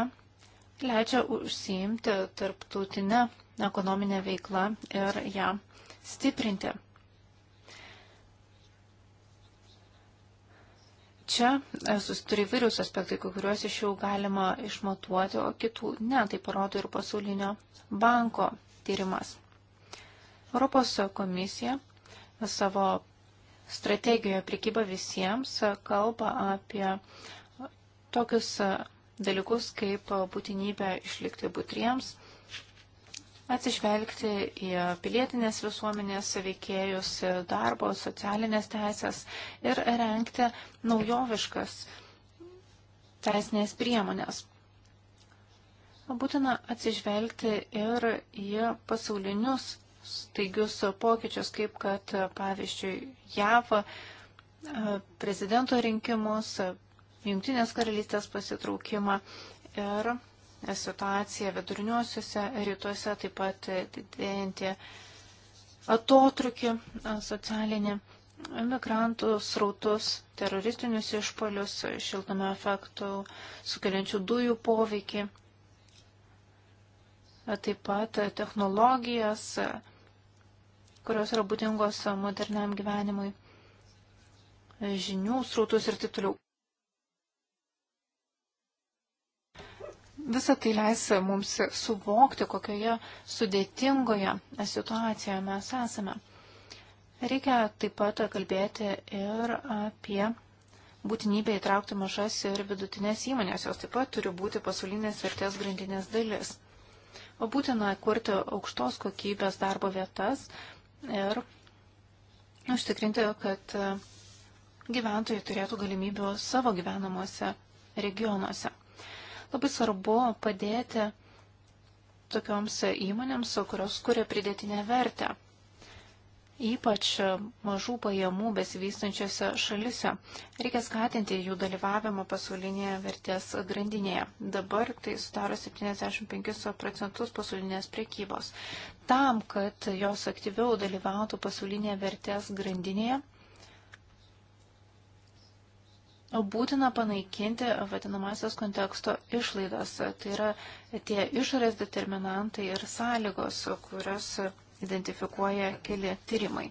leidžia užsiimti tarptautinę ekonominę veiklą ir ją stiprinti. čia e, susituri įvairius aspektai, kuriuos iš jų galima išmatuoti, o kitų ne, tai parodo ir pasaulinio banko tyrimas. Europos komisija savo strategijoje prikyba visiems kalba apie tokius dalykus kaip būtinybę išlikti būtriems, atsižvelgti į pilietinės visuomenės veikėjus, darbo, socialinės teisės ir renkti naujoviškas teisinės priemonės. Būtina atsižvelgti ir į pasaulinius staigius pokyčius, kaip kad, pavyzdžiui, JAV prezidento rinkimus, Junktinės karalystės pasitraukimą ir situaciją viduriniuosiuose rytuose, taip pat didėjantį atotrukį socialinį, migrantų srautus, teroristinius išpolius, šiltame efektų sukeliančių dujų poveikį, taip pat technologijas, kurios yra būdingos moderniam gyvenimui, žinių srautus ir taip toliau. Visą tai leis mums suvokti, kokioje sudėtingoje situacijoje mes esame. Reikia taip pat kalbėti ir apie būtinybę įtraukti mažas ir vidutinės įmonės, jos taip pat turi būti pasaulinės vertės grandinės dalis. O būtina kurti aukštos kokybės darbo vietas ir užtikrinti, kad gyventojai turėtų galimybių savo gyvenamuose regionuose. Labai svarbu padėti tokioms įmonėms, kurios kuria pridėtinę vertę. Ypač mažų pajamų besivystančiose šalise. Reikia skatinti jų dalyvavimą pasaulinėje vertės grandinėje. Dabar tai sudaro 75 procentus pasaulinės priekybos. Tam, kad jos aktyviau dalyvautų pasaulinėje vertės grandinėje, būtina panaikinti vadinamasios konteksto išlaidas. Tai yra tie išorės determinantai ir sąlygos, kurias identifikuoja keli tyrimai.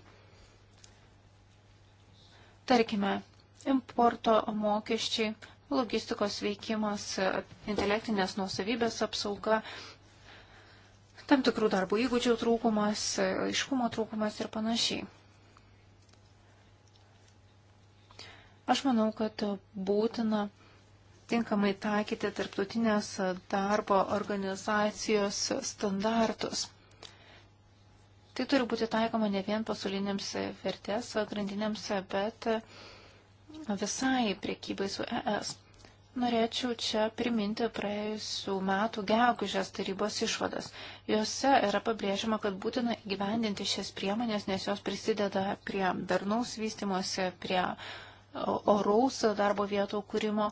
Tarkime, importo mokesčiai, logistikos veikimas, intelektinės nuosavybės apsauga, tam tikrų darbo įgūdžių trūkumas, aiškumo trūkumas ir panašiai. Aš manau, kad būtina tinkamai taikyti tarptautinės darbo organizacijos standartus. Tai turi būti taikoma ne vien pasaulinėms vertės grandinėms, bet visai priekybai su ES. Norėčiau čia priminti praėjusių metų gegužės tarybos išvadas. Jose yra pabrėžiama, kad būtina gyvendinti šias priemonės, nes jos prisideda prie darnaus vystimosi, prie oraus darbo vietų kūrimo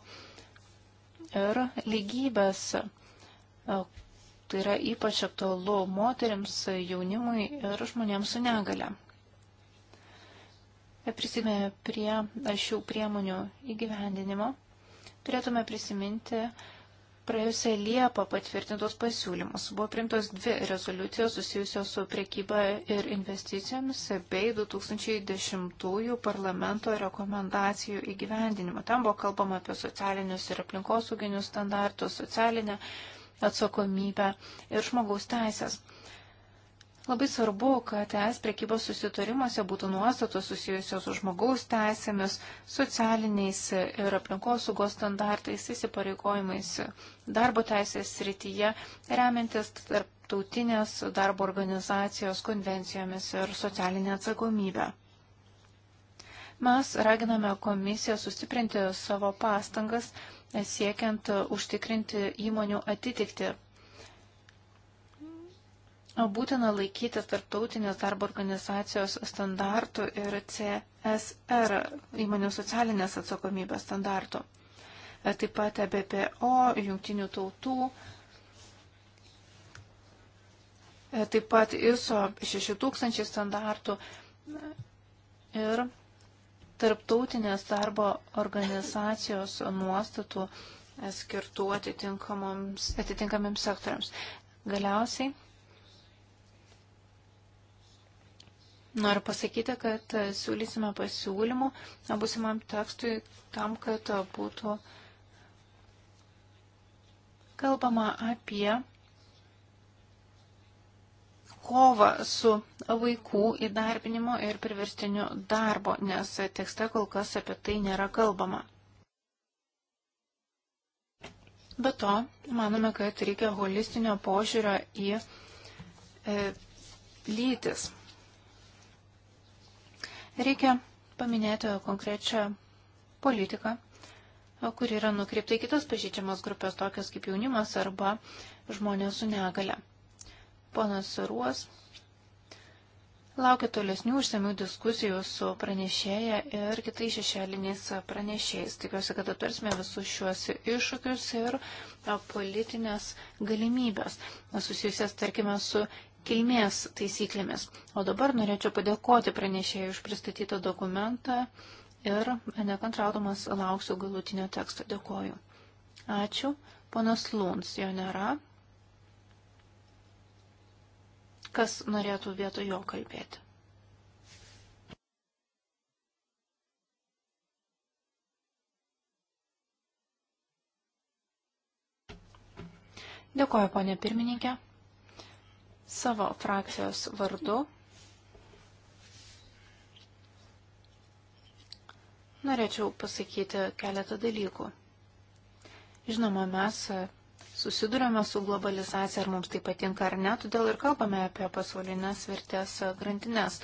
ir lygybės. Tai yra ypač aktualu moteriams, jaunimui ir žmonėms su negale. Prisimė prie šių priemonių įgyvendinimo. Turėtume prisiminti praėjusią Liepą patvirtintos pasiūlymus. Buvo primtos dvi rezoliucijos susijusios su priekyba ir investicijomis bei 2010 parlamento rekomendacijų įgyvendinimo. Ten buvo kalbama apie socialinius ir aplinkosauginius standartus, socialinę atsakomybę ir žmogaus teisės. Labai svarbu, kad es priekybos susitarimuose būtų nuostatos susijusios su žmogaus teisėmis, socialiniais ir aplinkosaugos standartais, įsipareigojimais darbo teisės srityje, remiantis tarptautinės darbo organizacijos konvencijomis ir socialinė atsakomybė mes raginame komisiją sustiprinti savo pastangas siekiant užtikrinti įmonių atitikti būtina laikytis tarptautinės darbo organizacijos standartų ir CSR įmonių socialinės atsakomybės standartų. E, taip pat e BPO, jungtinių tautų, e, taip pat ISO 6000 standartų ir tarptautinės darbo organizacijos nuostatų skirtų atitinkamiems sektoriams. Galiausiai Noriu pasakyti, kad siūlysime pasiūlymų busimam tekstui tam, kad būtų kalbama apie kovą su vaikų įdarbinimu ir priverstiniu darbo, nes tekste kol kas apie tai nėra kalbama. Be to, manome, kad reikia holistinio požiūrio į e, lytis. Reikia paminėti konkrečią politiką, kuri yra nukreipta į kitas pažydžiamas grupės, tokias kaip jaunimas arba žmonės su negale. Ponas Ruos laukia tolesnių užsiemių diskusijų su pranešėja ir kitais šešėliniais pranešėjais. Tikiuosi, kad aptarsime visus šiuos iššūkius ir politinės galimybės susijusias, tarkime, su kilmės taisyklėmis. O dabar norėčiau padėkoti pranešėjui už pristatytą dokumentą ir nekantraudamas lauksiu galutinio teksto. Dėkoju. Ačiū. Ponas Lūns jo nėra. Kas norėtų vietoj jo kalbėti? Dėkoju, ponė pirmininkė savo frakcijos vardu norėčiau pasakyti keletą dalykų. Žinoma, mes susidurėme su globalizacija, ar mums tai patinka ar ne, todėl ir kalbame apie pasaulinės vertės grandinės.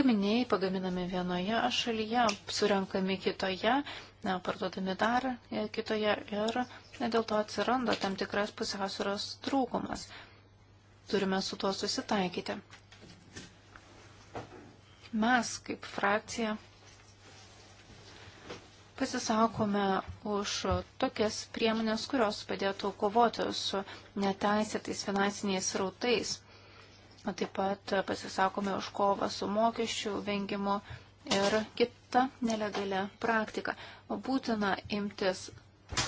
Gaminiai pagaminami vienoje šalyje, surenkami kitoje, parduodami dar kitoje ir dėl to atsiranda tam tikras pusiausvėros trūkumas turime su tuo susitaikyti. Mes kaip frakcija pasisakome už tokias priemonės, kurios padėtų kovoti su neteisėtais finansiniais rautais. Taip pat pasisakome už kovą su mokesčių vengimu ir kita nelegalia praktika. Būtina imtis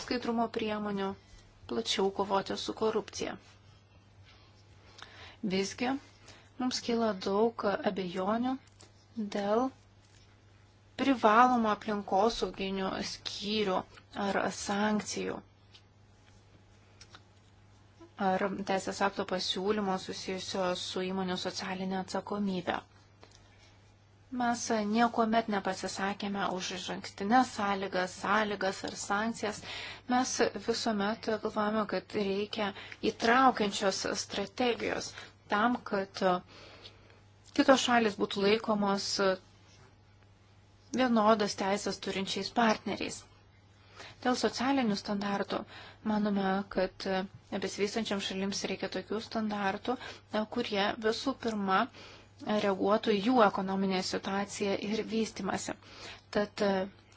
skaidrumo priemonių plačiau kovoti su korupcija. Visgi mums kyla daug abejonių dėl privalomą aplinkosauginių skyrių ar sankcijų. Ar teisės akto pasiūlymo susijusio su įmonių socialinė atsakomybė. Mes niekuomet nepasisakėme už išankstinės sąlygas, sąlygas ar sankcijas. Mes visuomet galvojame, kad reikia įtraukiančios strategijos tam, kad e, kitos šalis būtų laikomos e, vienodas teisės turinčiais partneriais. Dėl socialinių standartų manome, kad e, besivystančiam šalims reikia tokių standartų, kurie visų pirma reaguotų į jų ekonominę situaciją ir vystimasi. Tad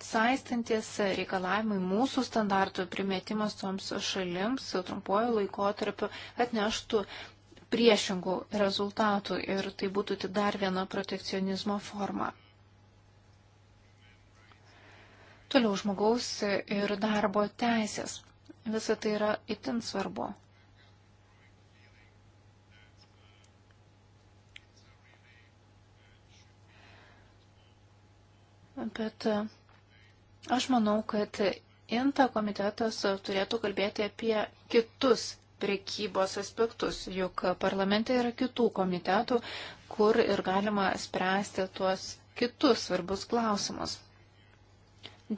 saistantis reikalavimai mūsų standartų primetimas toms šalims trumpuoju laikotarpiu atneštų priešingų rezultatų ir tai būtų tik dar viena protekcionizmo forma. Toliau žmogaus ir darbo teisės. Visa tai yra itin svarbu. Bet eh, aš manau, kad INTA komitetas turėtų kalbėti apie kitus prekybos aspektus, juk parlamente yra kitų komitetų, kur ir galima spręsti tuos kitus svarbus klausimus.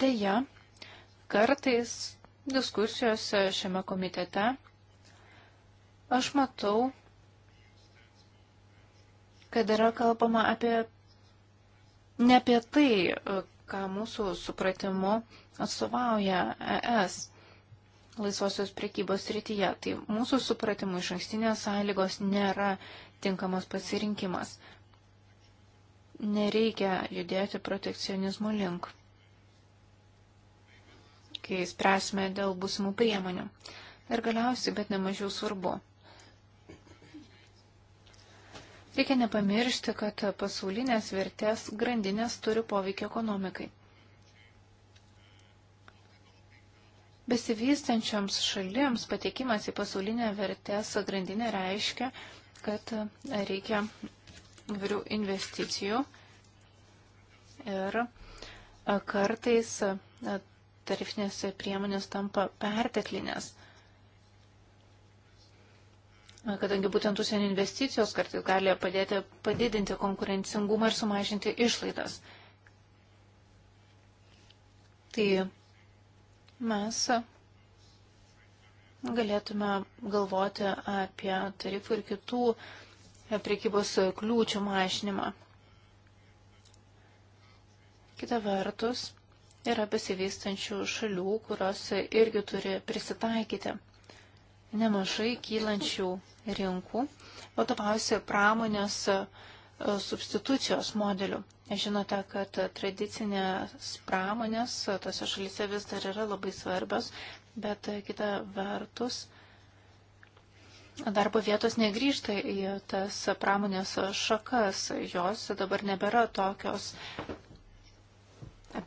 Deja, kartais diskusijose šiame komitete aš matau, kad yra kalbama apie ne apie tai, ką mūsų supratimu atstovauja ES laisvosios prekybos rytyje. Tai mūsų supratimų iš ankstinės sąlygos nėra tinkamas pasirinkimas. Nereikia judėti protekcionizmo link, kai spręsime dėl būsimų priemonių. Ir galiausiai, bet nemažiau svarbu. Reikia nepamiršti, kad pasaulinės vertės grandinės turi poveikį ekonomikai. Besivystančioms šalims patekimas į pasaulinę vertės grandinę reiškia, kad reikia įvairių investicijų ir kartais tarifinės priemonės tampa perteklinės. Kadangi būtent užsienio investicijos kartais gali padėti padidinti konkurencingumą ir sumažinti išlaidas. Tai mes galėtume galvoti apie tarifų ir kitų prekybos kliūčių mažinimą. Kita vertus, yra besivystančių šalių, kurios irgi turi prisitaikyti. Nemažai kylančių rinkų vadovaujasi pramonės substitucijos modeliu. Žinote, kad tradicinės pramonės tose šalyse vis dar yra labai svarbios, bet kita vertus darbo vietos negrįžta į tas pramonės šakas. Jos dabar nebėra tokios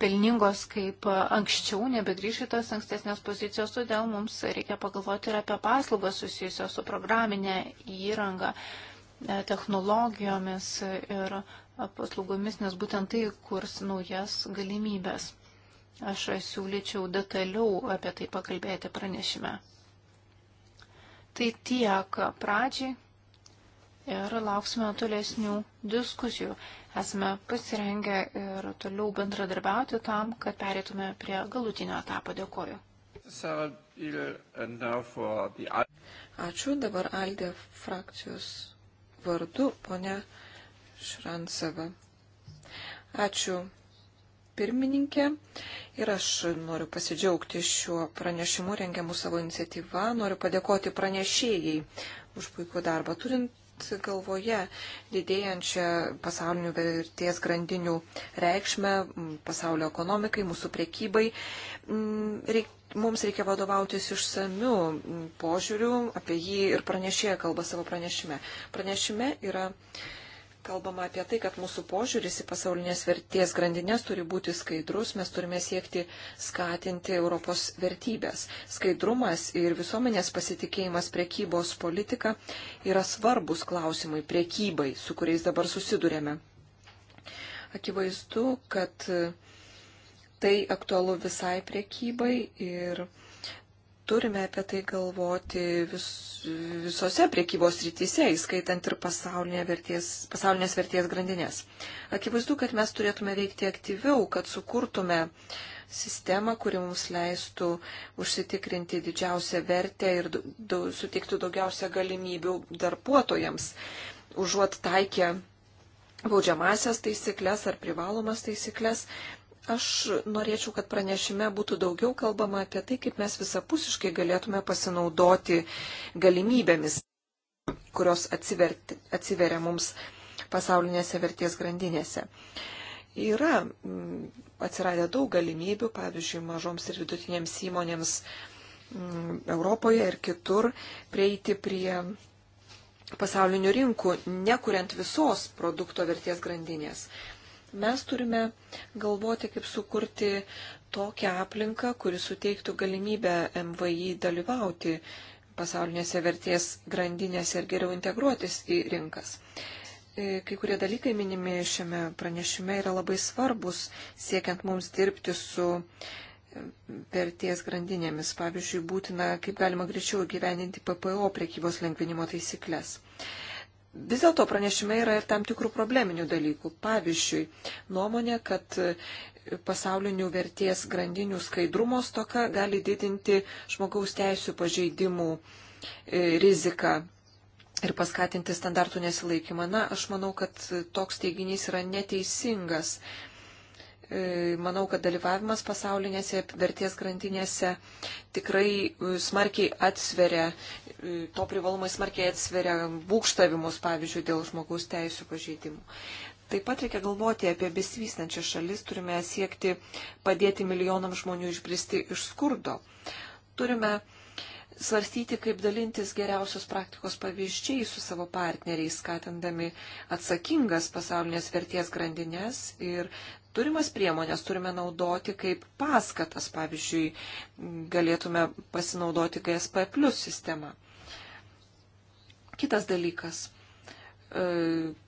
pelningos kaip anksčiau, nebegrįžti tas ankstesnės pozicijos, todėl mums reikia pagalvoti ir apie paslaugas susijusios su programinė įranga, technologijomis ir paslaugomis, nes būtent tai kurs naujas galimybės. Aš siūlyčiau detaliau apie tai pakalbėti pranešime. Tai tiek pradžiai ir lauksime tolesnių diskusijų. Esame pasirengę ir toliau bendradarbiauti tam, kad perėtume prie galutinio etapo. Dėkoju. Ačiū dabar Aldė frakcijos vardu, ponė Šransava. Ačiū pirmininkė ir aš noriu pasidžiaugti šiuo pranešimu rengiamu savo iniciatyvą. Noriu padėkoti pranešėjai už puikų darbą. Turint galvoje didėjančią pasaulinių vertės grandinių reikšmę pasaulio ekonomikai, mūsų priekybai. Reik, mums reikia vadovautis išsamių požiūrių, apie jį ir pranešėja kalba savo pranešime. Pranešime yra kalbama apie tai, kad mūsų požiūris į pasaulinės vertės grandinės turi būti skaidrus, mes turime siekti skatinti Europos vertybės. Skaidrumas ir visuomenės pasitikėjimas priekybos politika yra svarbus klausimai priekybai, su kuriais dabar susidurėme. Akivaizdu, kad tai aktualu visai priekybai ir turime apie tai galvoti vis, visose priekybos rytise, įskaitant ir pasaulinė vertės, pasaulinės vertės grandinės. Akivaizdu, kad mes turėtume veikti aktyviau, kad sukurtume sistemą, kuri mums leistų užsitikrinti didžiausią vertę ir da, suteiktų daugiausia galimybių darbuotojams, užuot taikę baudžiamasias taisyklės ar privalomas taisyklės, Aš norėčiau, kad pranešime būtų daugiau kalbama apie tai, kaip mes visapusiškai galėtume pasinaudoti galimybėmis, kurios atsiverti, atsiveria mums pasaulinėse vertės grandinėse. Yra mm, atsiradę daug galimybių, pavyzdžiui, mažoms ir vidutinėms įmonėms m, mm, Europoje ir kitur prieiti prie pasaulinių rinkų, nekuriant visos produkto vertės grandinės. Mes turime galvoti, kaip sukurti tokią aplinką, kuri suteiktų galimybę MVI dalyvauti pasaulinėse vertės grandinėse ir geriau integruotis į rinkas. E, kai kurie dalykai minimi šiame pranešime yra labai svarbus, siekiant mums dirbti su e, vertės grandinėmis. Pavyzdžiui, būtina kaip galima greičiau gyveninti PPO priekybos lengvinimo taisyklės. Vis dėlto pranešime yra ir tam tikrų probleminių dalykų. Pavyzdžiui, nuomonė, kad pasaulinių vertės grandinių skaidrumo stoka gali didinti žmogaus teisų pažeidimų e, riziką ir paskatinti standartų nesilaikymą. Na, aš manau, kad toks teiginys yra neteisingas. E, manau, kad dalyvavimas pasaulinėse vertės grandinėse tikrai e, smarkiai atsveria, e, to privalumai smarkiai atsveria būkštavimus, pavyzdžiui, dėl žmogaus teisų pažeidimų. Taip pat reikia galvoti apie besivystančias šalis, turime siekti padėti milijonam žmonių išbristi iš skurdo. Turime svarstyti, kaip dalintis geriausios praktikos pavyzdžiai su savo partneriais, skatindami atsakingas pasaulinės vertės grandinės ir turimas priemonės turime naudoti kaip paskatas, pavyzdžiui, galėtume pasinaudoti GSP plus sistemą. Kitas dalykas, e,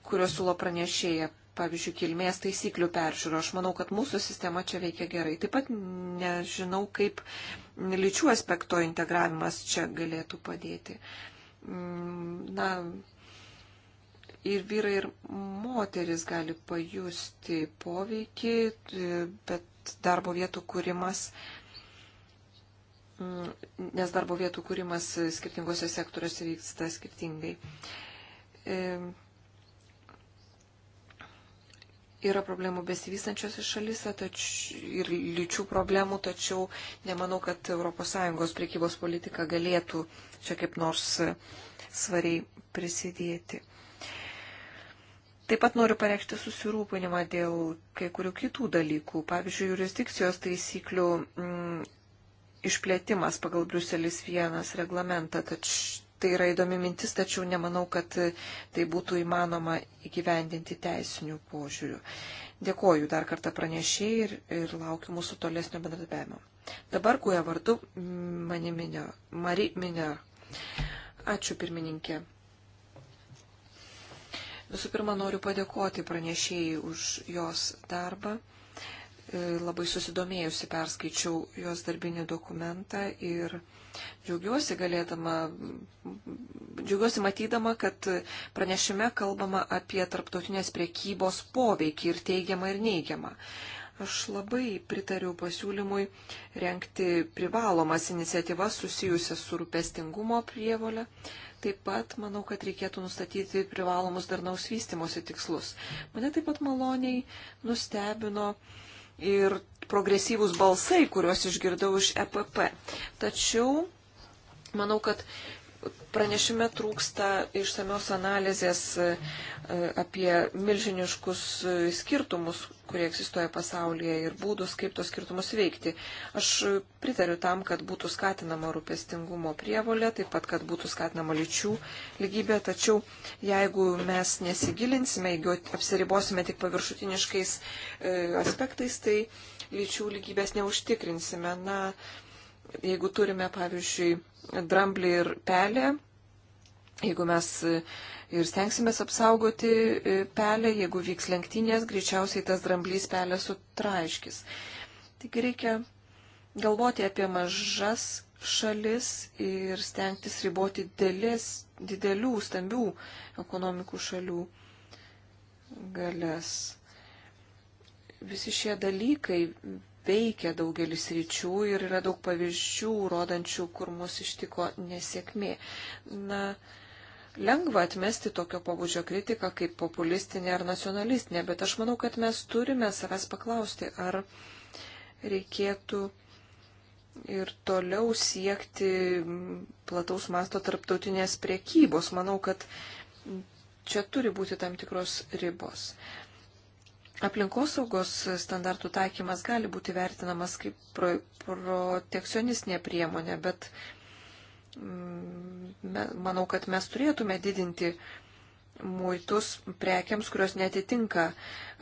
kurio siūlo pranešėja, pavyzdžiui, kilmės taisyklių peržiūro. Aš manau, kad mūsų sistema čia veikia gerai. Taip pat nežinau, kaip lyčių aspekto integravimas čia galėtų padėti. Mm, na, ir vyrai, ir moteris gali pajusti poveikį, bet darbo vietų kūrimas, mm, nes darbo vietų kūrimas skirtingose sektoriuose vyksta skirtingai. Yra problemų besivystančiose šalise tač, ir lyčių problemų, tačiau nemanau, kad ES priekybos politika galėtų čia kaip nors svariai prisidėti. Taip pat noriu pareikšti susirūpinimą dėl kai kurių kitų dalykų, pavyzdžiui, jurisdikcijos taisyklių m, mm, išplėtimas pagal Bruselis vienas reglamentą. Tač, tai yra įdomi mintis, tačiau nemanau, kad tai būtų įmanoma įgyvendinti teisinių požiūrių. Dėkoju dar kartą pranešėjai ir, ir laukiu mūsų tolesnio bendradarbiavimo. Dabar kuo vardu mm, mani minio, Mari minio. Ačiū pirmininkė. Visų pirma, noriu padėkoti pranešėjai už jos darbą. E, labai susidomėjusi perskaičiau jos darbinį dokumentą ir džiaugiuosi galėdama, džiaugiuosi matydama, kad pranešime kalbama apie tarptautinės priekybos poveikį ir teigiamą ir neigiamą. Aš labai pritariu pasiūlymui renkti privalomas iniciatyvas susijusias su rūpestingumo prievolė. Taip pat manau, kad reikėtų nustatyti privalomus darnaus vystimosi tikslus. Mane taip pat maloniai nustebino ir progresyvūs balsai, kuriuos išgirdau iš EPP. Tačiau manau, kad Pranešime trūksta išsamios analizės e, e, apie milžiniškus e, skirtumus, kurie egzistuoja pasaulyje ir būdus, kaip tos skirtumus veikti. Aš pritariu tam, kad būtų skatinama rūpestingumo prievolė, taip pat, kad būtų skatinama lyčių lygybė, tačiau jeigu mes nesigilinsime, jeigu apsiribosime tik paviršutiniškais aspektais, tai lyčių lygybės neužtikrinsime. Na, Jeigu turime, pavyzdžiui, dramblį ir pelę, jeigu mes e, ir stengsime apsaugoti e, pelę, jeigu vyks lenktynės, greičiausiai tas dramblys pelę sutraiškis. Tik reikia galvoti apie mažas šalis ir stengtis riboti dėlės, didelių, stambių ekonomikų šalių galės. Visi šie dalykai veikia daugelis ryčių ir yra daug pavyzdžių, rodančių, kur mus ištiko nesėkmė. Na, lengva atmesti tokio pabudžio kritiką kaip populistinė ar nacionalistinė, bet aš manau, kad mes turime savęs paklausti, ar reikėtų ir toliau siekti plataus masto tarptautinės priekybos. Manau, kad čia turi būti tam tikros ribos aplinkosaugos standartų taikymas gali būti vertinamas kaip pro, protekcionistinė priemonė, bet mm, me, manau, kad mes turėtume didinti muitus prekiams, kurios netitinka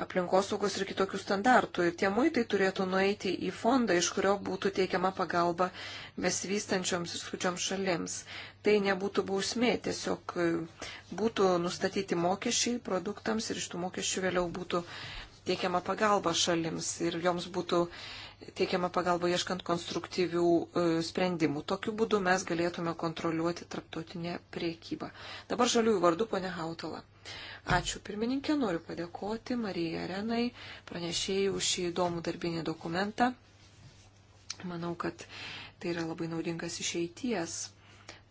aplinkosaugos ir kitokių standartų. Ir tie muitai turėtų nueiti į fondą, iš kurio būtų teikiama pagalba besivystančioms ir skučioms šalims. Tai nebūtų bausmė, tiesiog būtų nustatyti mokesčiai produktams ir iš tų mokesčių vėliau būtų teikiama pagalba šalims ir joms būtų teikiama pagalba ieškant konstruktyvių e, sprendimų. Tokiu būdu mes galėtume kontroliuoti tarptautinę priekybą. Dabar žaliųjų vardu ponė Hautala. Ačiū pirmininkė, noriu padėkoti Marijai Arenai, pranešėjai už šį įdomų darbinį dokumentą. Manau, kad tai yra labai naudingas išeities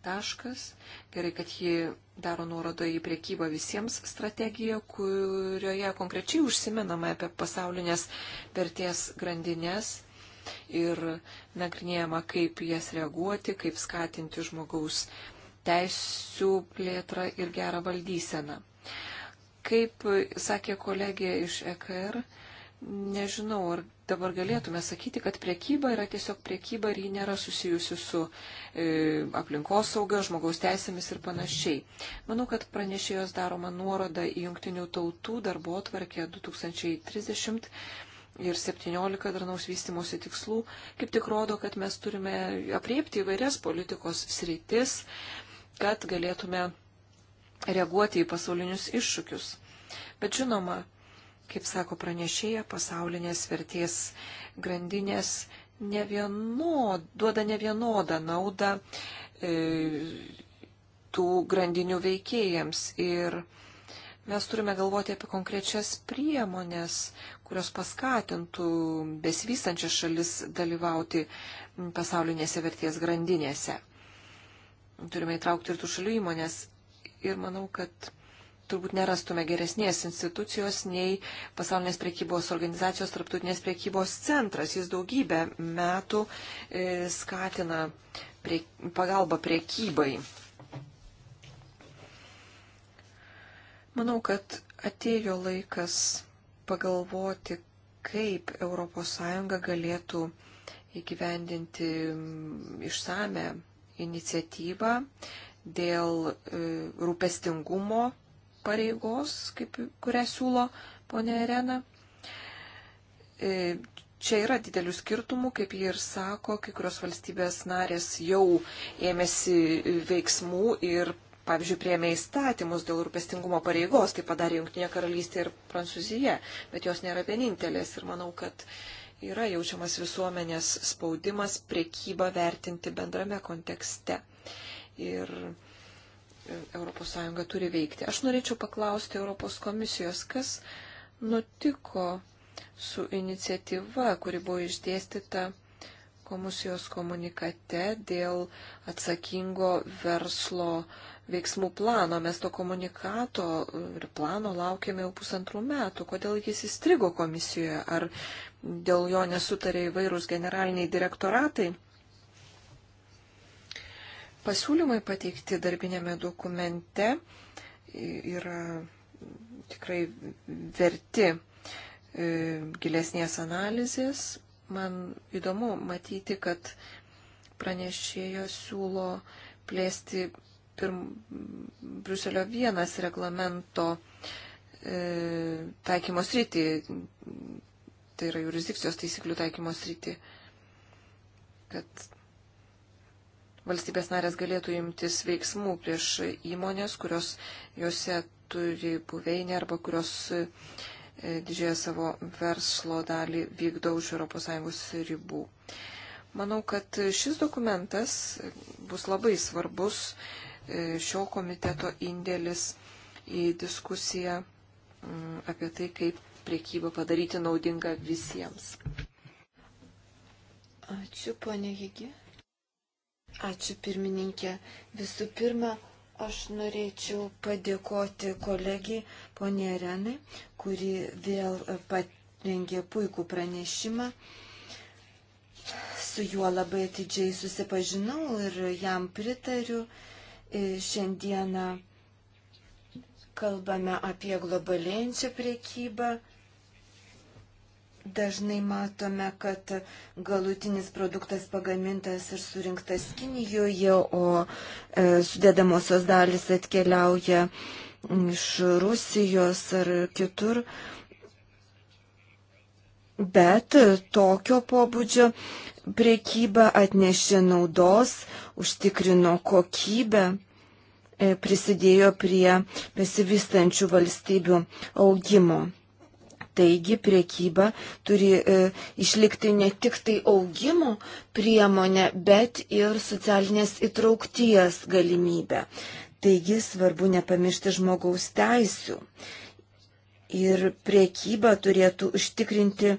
taškas. Gerai, kad ji daro nuorodą į priekybą visiems strategiją, kurioje konkrečiai užsimenama apie pasaulinės vertės grandinės ir nagrinėjama, kaip jas reaguoti, kaip skatinti žmogaus teisų plėtrą ir gerą valdyseną. Kaip sakė kolegė iš EKR, Nežinau, ar dabar galėtume sakyti, kad priekyba yra tiesiog priekyba ir ji nėra susijusi su e, aplinkosauga, žmogaus teisėmis ir panašiai. Manau, kad pranešėjos daroma nuoroda į jungtinių tautų darbo atvarkę 2030 ir 17 darnaus vystimosi tikslų, kaip tik rodo, kad mes turime apriepti įvairias politikos sritis, kad galėtume reaguoti į pasaulinius iššūkius. Bet žinoma, Kaip sako pranešėja, pasaulinės vertės grandinės ne vienod, duoda ne vienodą naudą e, tų grandinių veikėjams. Ir mes turime galvoti apie konkrečias priemonės, kurios paskatintų besivystančias šalis dalyvauti pasaulinėse vertės grandinėse. Turime įtraukti ir tų šalių įmonės. Ir manau, kad turbūt nerastume geresnės institucijos nei pasaulinės priekybos organizacijos tarptautinės priekybos centras. Jis daugybę metų e, skatina prie, pagalbą priekybai. Manau, kad atėjo laikas pagalvoti, kaip ES galėtų įgyvendinti mm, išsame iniciatyvą dėl e, rūpestingumo pareigos, kaip, kurią siūlo ponė Irena. E, čia yra didelių skirtumų, kaip jie ir sako, kai kurios valstybės narės jau ėmėsi veiksmų ir, pavyzdžiui, prieėmė įstatymus dėl rūpestingumo pareigos, tai padarė Junktinė karalystė ir Prancūzija, bet jos nėra vienintelės ir manau, kad yra jaučiamas visuomenės spaudimas priekybą vertinti bendrame kontekste. Ir ES turi veikti. Aš norėčiau paklausti Europos komisijos, kas nutiko su iniciatyva, kuri buvo išdėstyta komisijos komunikate dėl atsakingo verslo veiksmų plano. Mes to komunikato ir plano laukiame jau pusantrų metų. Kodėl jis įstrigo komisijoje? Ar dėl jo nesutarė įvairūs generaliniai direktoratai? Pasiūlymai pateikti darbinėme dokumente yra tikrai verti e, gilesnės analizės. Man įdomu matyti, kad pranešėjas siūlo plėsti pirm... Bruselio vienas reglamento e, taikymo sritį, tai yra jurisdikcijos taisyklių taikymo sritį, kad valstybės narės galėtų imtis veiksmų prieš įmonės, kurios juose turi buveinę arba kurios e, didžiąją savo verslo dalį vykdo už ES ribų. Manau, kad šis dokumentas bus labai svarbus e, šio komiteto indėlis į diskusiją mm, apie tai, kaip priekybą padaryti naudingą visiems. Ačiū, ponė Higi. Ačiū pirmininkė. Visų pirma, aš norėčiau padėkoti kolegijai ponė Renai, kuri vėl parengė puikų pranešimą. Su juo labai atidžiai susipažinau ir jam pritariu. E, šiandieną kalbame apie globalėjančią priekybą Dažnai matome, kad galutinis produktas pagamintas ir surinktas Kinijoje, o e, sudėdamosios dalis atkeliauja iš Rusijos ar kitur. Bet tokio pobūdžio priekyba atnešė naudos, užtikrino kokybę e, prisidėjo prie besivystančių valstybių augimo. Taigi priekyba turi e, išlikti ne tik tai augimo priemonė, bet ir socialinės įtraukties galimybė. Taigi svarbu nepamiršti žmogaus teisių. Ir priekyba turėtų užtikrinti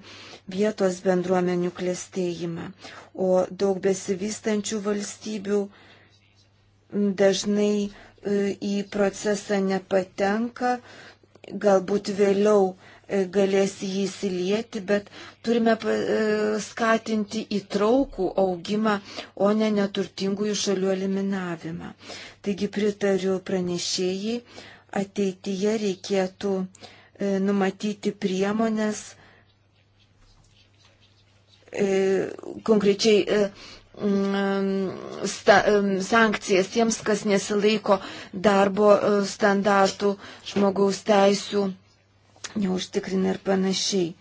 vietos bendruomenių klėstėjimą. O daug besivystančių valstybių dažnai e, į procesą nepatenka, galbūt vėliau galės jį įsilieti, bet turime e, skatinti įtraukų augimą, o ne neturtingųjų šalių eliminavimą. Taigi pritariu pranešėjai, ateityje reikėtų e, numatyti priemonės e, konkrečiai sta, sankcijas tiems, kas nesilaiko darbo standartų žmogaus teisų neužtikrina ir panašiai.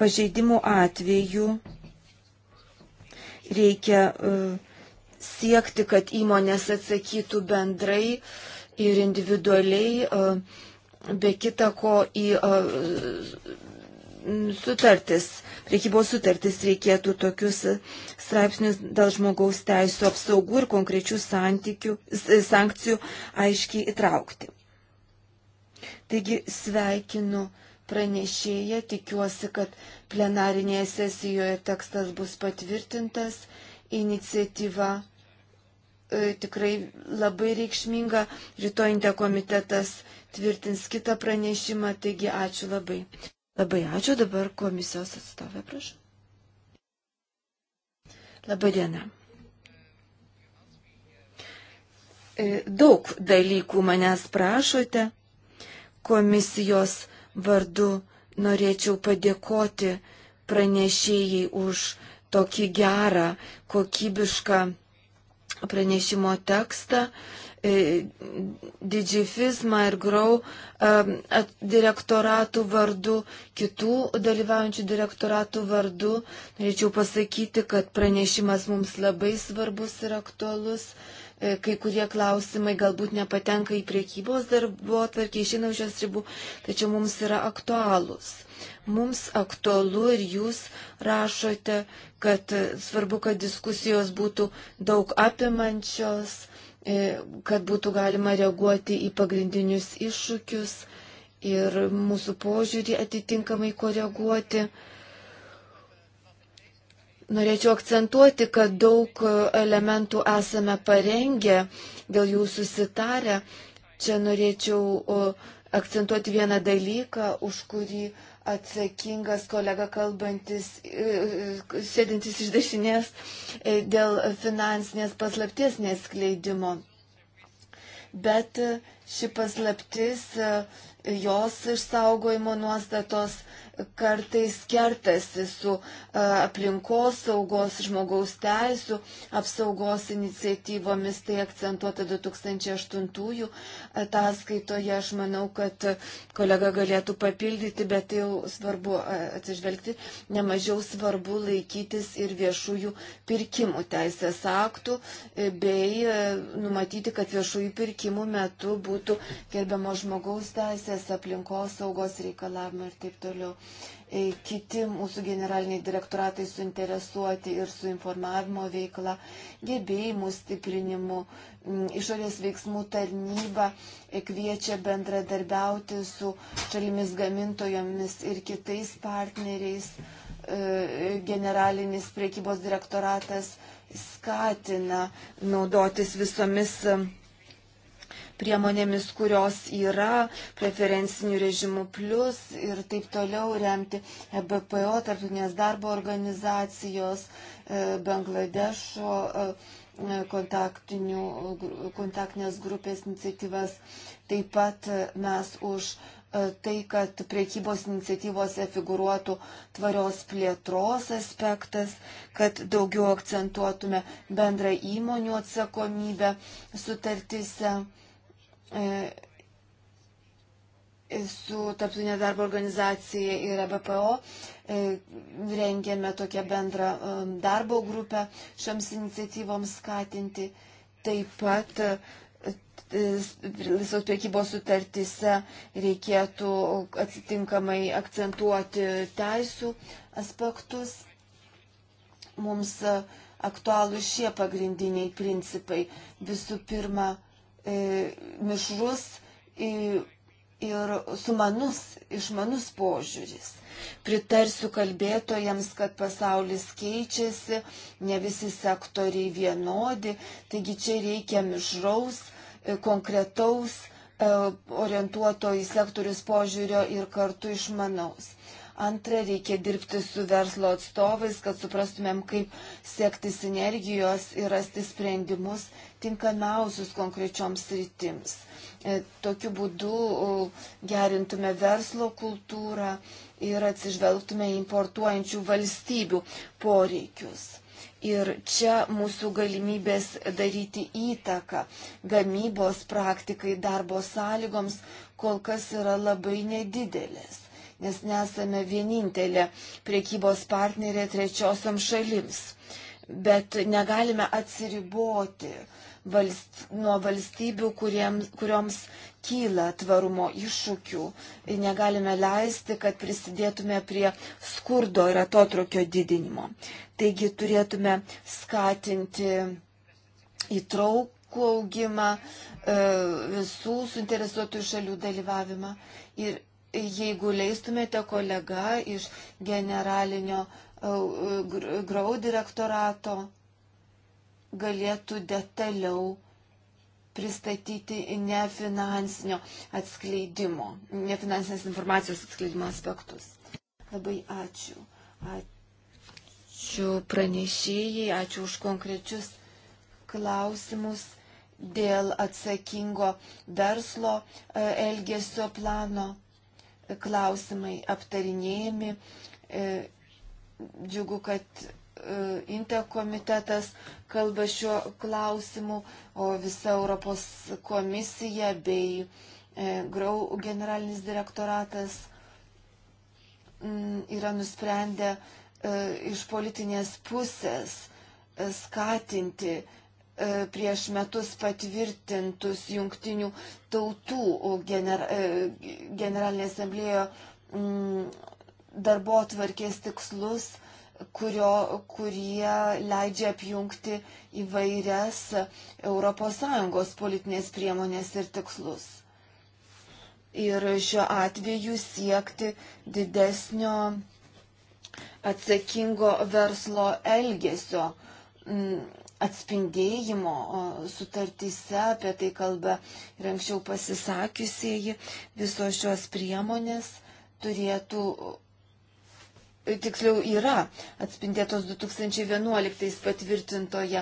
Pažeidimų atveju reikia e, siekti, kad įmonės atsakytų bendrai ir individualiai, e, be kita ko į e, sutartis, priekybos sutartis reikėtų tokius straipsnius dėl žmogaus teisų apsaugų ir konkrečių santykių, sankcijų aiškiai įtraukti. Taigi sveikinu pranešėją, tikiuosi, kad plenarinėje sesijoje tekstas bus patvirtintas, iniciatyva e, tikrai labai reikšminga, rytoj inte komitetas tvirtins kitą pranešimą, taigi ačiū labai. Labai ačiū dabar komisijos atstovė, prašau. Labadiena. E, daug dalykų manęs prašote komisijos vardu norėčiau padėkoti pranešėjai už tokį gerą, kokybišką pranešimo tekstą. E, Digifizma ir Grau e, direktoratų vardu, kitų dalyvaujančių direktoratų vardu. Norėčiau pasakyti, kad pranešimas mums labai svarbus ir aktualus. E, kai kurie klausimai galbūt nepatenka į priekybos darbo atvarkį išina už jos ribų, tačiau mums yra aktualūs. Mums aktualu ir jūs rašote, kad svarbu, kad diskusijos būtų daug apimančios, e, kad būtų galima reaguoti į pagrindinius iššūkius ir mūsų požiūrį atitinkamai koreguoti. Norėčiau akcentuoti, kad daug elementų esame parengę, dėl jų susitarę. Čia norėčiau akcentuoti vieną dalyką, už kurį atsakingas kolega kalbantis, e, e, sėdintis iš dešinės e, dėl finansinės paslapties neskleidimo. Bet ši paslaptis, jos išsaugojimo nuostatos kartais kertasi su e, aplinkos saugos, žmogaus teisų apsaugos iniciatyvomis. Tai akcentuota 2008 ataskaitoje. Aš manau, kad kolega galėtų papildyti, bet tai jau svarbu e, atsižvelgti, nemažiau svarbu laikytis ir viešųjų pirkimų teisės aktų e, bei numatyti, kad viešųjų pirkimų metu būtų gerbiamo žmogaus teisės, aplinkos saugos reikalavimai ir taip toliau. E, kiti mūsų generaliniai direktoratai suinteresuoti ir su informavimo veikla, gebėjimų stiprinimu. Išorės veiksmų tarnyba e, kviečia bendradarbiauti su šalimis gamintojomis ir kitais partneriais. E, generalinis priekybos direktoratas skatina naudotis visomis priemonėmis, kurios yra preferencinių režimų plus ir taip toliau remti EBPO, tarptautinės darbo organizacijos, e, Bangladešo e, e, kontaktinės grupės iniciatyvas. Taip pat mes už tai, kad priekybos iniciatyvose figuruotų tvarios plėtros aspektas, kad daugiau akcentuotume bendrą įmonių atsakomybę sutartise E, su Tarptautinė darbo organizacija ir e BPO e, rengėme tokią bendrą um, darbo grupę šioms iniciatyvoms skatinti. Taip pat visos priekybos sutartyse reikėtų atsitinkamai akcentuoti teisų aspektus. Mums aktualūs šie pagrindiniai principai. Visų pirma, E, mišrus ir sumanus, išmanus požiūris. Pritarsiu kalbėtojams, kad pasaulis keičiasi, ne visi sektoriai vienodi, taigi čia reikia mišraus, e, konkretaus, e, orientuoto į sektorius požiūrio ir kartu išmanaus. Antra, reikia dirbti su verslo atstovais, kad suprastumėm, kaip siekti sinergijos ir rasti sprendimus tinkamiausius konkrečioms rytims. E, tokiu būdu gerintume verslo kultūrą ir atsižvelgtume importuojančių valstybių poreikius. Ir čia mūsų galimybės daryti įtaką gamybos praktikai, darbo sąlygoms kol kas yra labai nedidelės, nes nesame vienintelė priekybos partnerė trečiosiam šalims. Bet negalime atsiriboti uh, valst, nuo valstybių, kuriems, kurioms kyla tvarumo iššūkių. Negalime leisti, kad prisidėtume prie skurdo ir atotrukio didinimo. Taigi turėtume skatinti įtraukų augimą, e, visų suinteresuotų šalių dalyvavimą. Ir jeigu leistumėte kolega iš generalinio e, grau direktorato galėtų detaliau pristatyti nefinansinio atskleidimo, nefinansinės informacijos atskleidimo aspektus. Labai ačiū. Ačiū pranešėjai, ačiū už konkrečius klausimus dėl atsakingo verslo e, elgesio plano. Klausimai aptarinėjami. E, džiugu, kad E, Inte komitetas kalba šiuo klausimu, o visa Europos komisija bei e, Grau generalinis direktoratas mm, yra nusprendę e, iš politinės pusės skatinti prieš metus patvirtintus jungtinių tautų gener, generalinė asamblėjo mm, darbo tvarkės tikslus kurio, kurie leidžia apjungti įvairias ES politinės priemonės ir tikslus. Ir šiuo atveju siekti didesnio atsakingo verslo elgesio mm, atspindėjimo sutartyse, apie tai kalba ir anksčiau pasisakiusieji, visos šios priemonės turėtų tiksliau yra atspindėtos 2011 patvirtintoje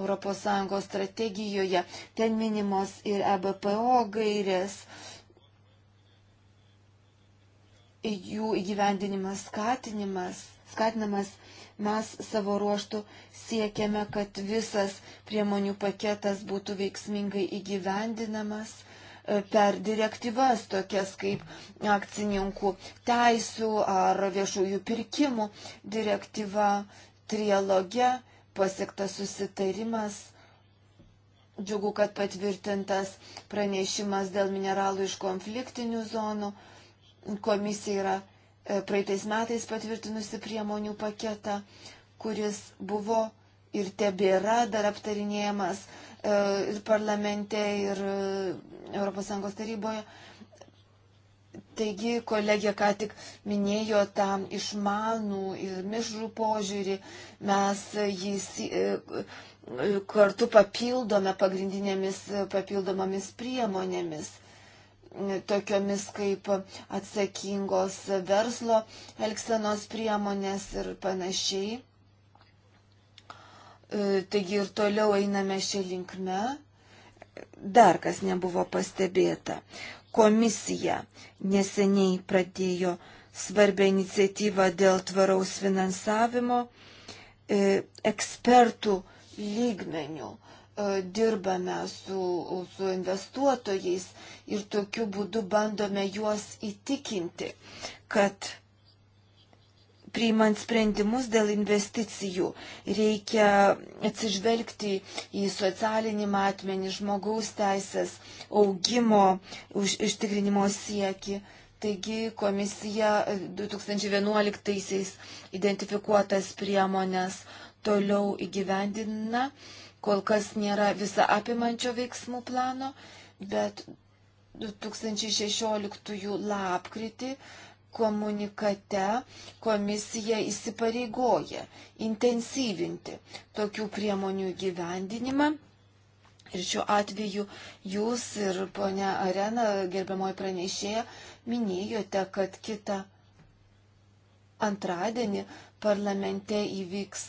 ES strategijoje. Ten minimos ir EBPO gairės, jų įgyvendinimas skatinimas, skatinamas. Mes savo ruoštų siekiame, kad visas priemonių paketas būtų veiksmingai įgyvendinamas E, per direktyvas, tokias kaip akcininkų teisų ar viešųjų pirkimų direktyva, trialoge pasiektas susitarimas. Džiugu, kad patvirtintas pranešimas dėl mineralų iš konfliktinių zonų. Komisija yra e, praeitais metais patvirtinusi priemonių paketą, kuris buvo ir tebėra dar aptarinėjamas e, ir parlamente, ir ES taryboje. Taigi kolegė ką tik minėjo tą išmanų ir mišrų požiūrį, mes jis e, e, kartu papildome pagrindinėmis papildomomis priemonėmis, tokiomis kaip atsakingos verslo elgsenos priemonės ir panašiai. E, taigi ir toliau einame šią linkmę. Dar kas nebuvo pastebėta. Komisija neseniai pradėjo svarbę iniciatyvą dėl tvaraus finansavimo. E, ekspertų lygmenių e, dirbame su, su investuotojais ir tokiu būdu bandome juos įtikinti, kad priimant sprendimus dėl investicijų, reikia atsižvelgti į socialinį matmenį, žmogaus teisės, augimo, už, ištikrinimo sieki. Taigi komisija 2011-aisiais e, identifikuotas priemonės toliau įgyvendina, kol kas nėra visa apimančio veiksmų plano, bet 2016 lapkritį komunikate komisija įsipareigoja intensyvinti tokių priemonių gyvendinimą. Ir šiuo atveju jūs ir ponia Arena, gerbiamoji pranešėja, minėjote, kad kitą antradienį parlamente įvyks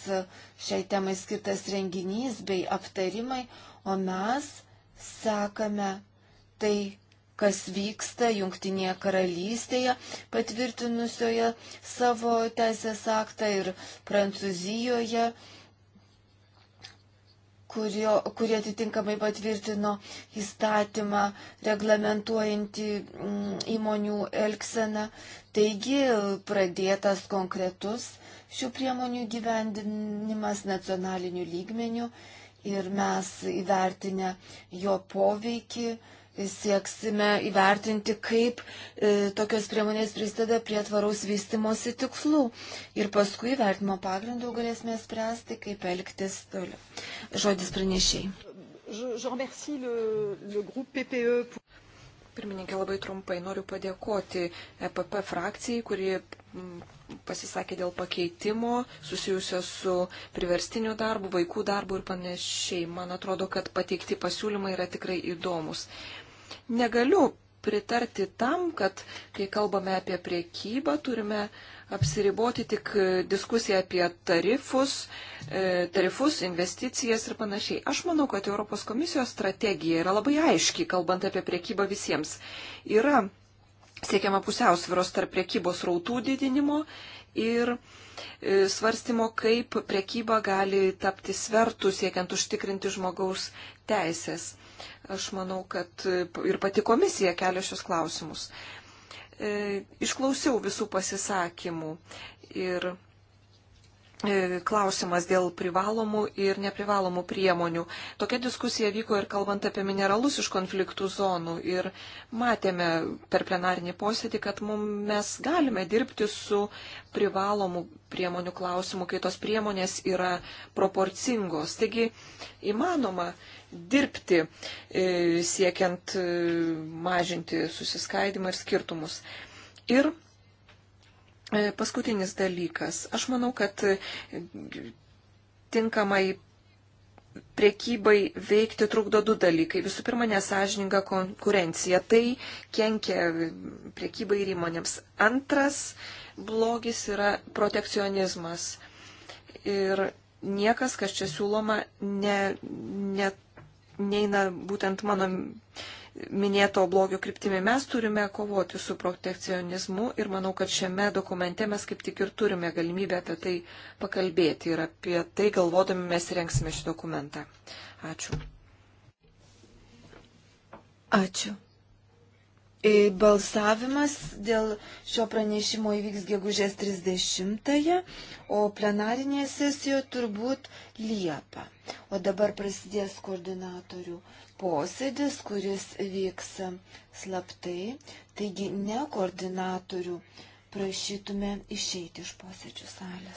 šiai temai skirtas renginys bei aptarimai, o mes sekame tai kas vyksta Junktinėje karalystėje, patvirtinusioje savo teisės aktą ir Prancūzijoje, kurio, kurie atitinkamai patvirtino įstatymą reglamentuojantį mm, įmonių elkseną. Taigi pradėtas konkretus šių priemonių gyvendinimas nacionaliniu lygmeniu ir mes įvertinę jo poveikį sieksime įvertinti, kaip e, tokios priemonės prisideda prie tvaraus vystimosi tikslų. Ir paskui vertimo pagrindų galėsime spręsti, kaip elgtis toliau. Žodis pranešiai. E Pirmininkė, labai trumpai noriu padėkoti EPP frakcijai, kuri pasisakė dėl pakeitimo susijusio su priverstiniu darbu, vaikų darbu ir panašiai. Man atrodo, kad pateikti pasiūlymai yra tikrai įdomus. Negaliu pritarti tam, kad kai kalbame apie priekybą, turime apsiriboti tik diskusiją apie tarifus, e, tarifus, investicijas ir panašiai. Aš manau, kad Europos komisijos strategija yra labai aiški, kalbant apie priekybą visiems. Yra siekiama pusiausviros tarp priekybos rautų didinimo ir e, svarstymo, kaip priekyba gali tapti svertų siekiant užtikrinti žmogaus teisės. Aš manau, kad ir pati komisija kelia šios klausimus. E, išklausiau visų pasisakymų ir E, klausimas dėl privalomų ir neprivalomų priemonių. Tokia diskusija vyko ir kalbant apie mineralus iš konfliktų zonų. Ir matėme per plenarinį posėdį, kad mum, mes galime dirbti su privalomų priemonių klausimu, kai tos priemonės yra proporcingos. Taigi įmanoma dirbti e, siekiant e, mažinti susiskaidimą ir skirtumus. Ir E, paskutinis dalykas. Aš manau, kad tinkamai priekybai veikti trukdo du dalykai. Visų pirma, nesažininga konkurencija. Tai kenkia priekybai ir įmonėms. Antras blogis yra protekcionizmas. Ir niekas, kas čia siūloma, ne, ne, neina būtent mano minėto blogio kryptimi. Mes turime kovoti su protekcionizmu ir manau, kad šiame dokumente mes kaip tik ir turime galimybę apie tai pakalbėti ir apie tai galvodami mes rengsime šį dokumentą. Ačiū. Ačiū. E, balsavimas dėl šio pranešimo įvyks gegužės 30-ąją, o plenarinėje sesijoje turbūt Liepa. O dabar prasidės koordinatorių posėdis, kuris vyks slaptai, taigi ne koordinatorių prašytume išeiti iš posėdžių salės.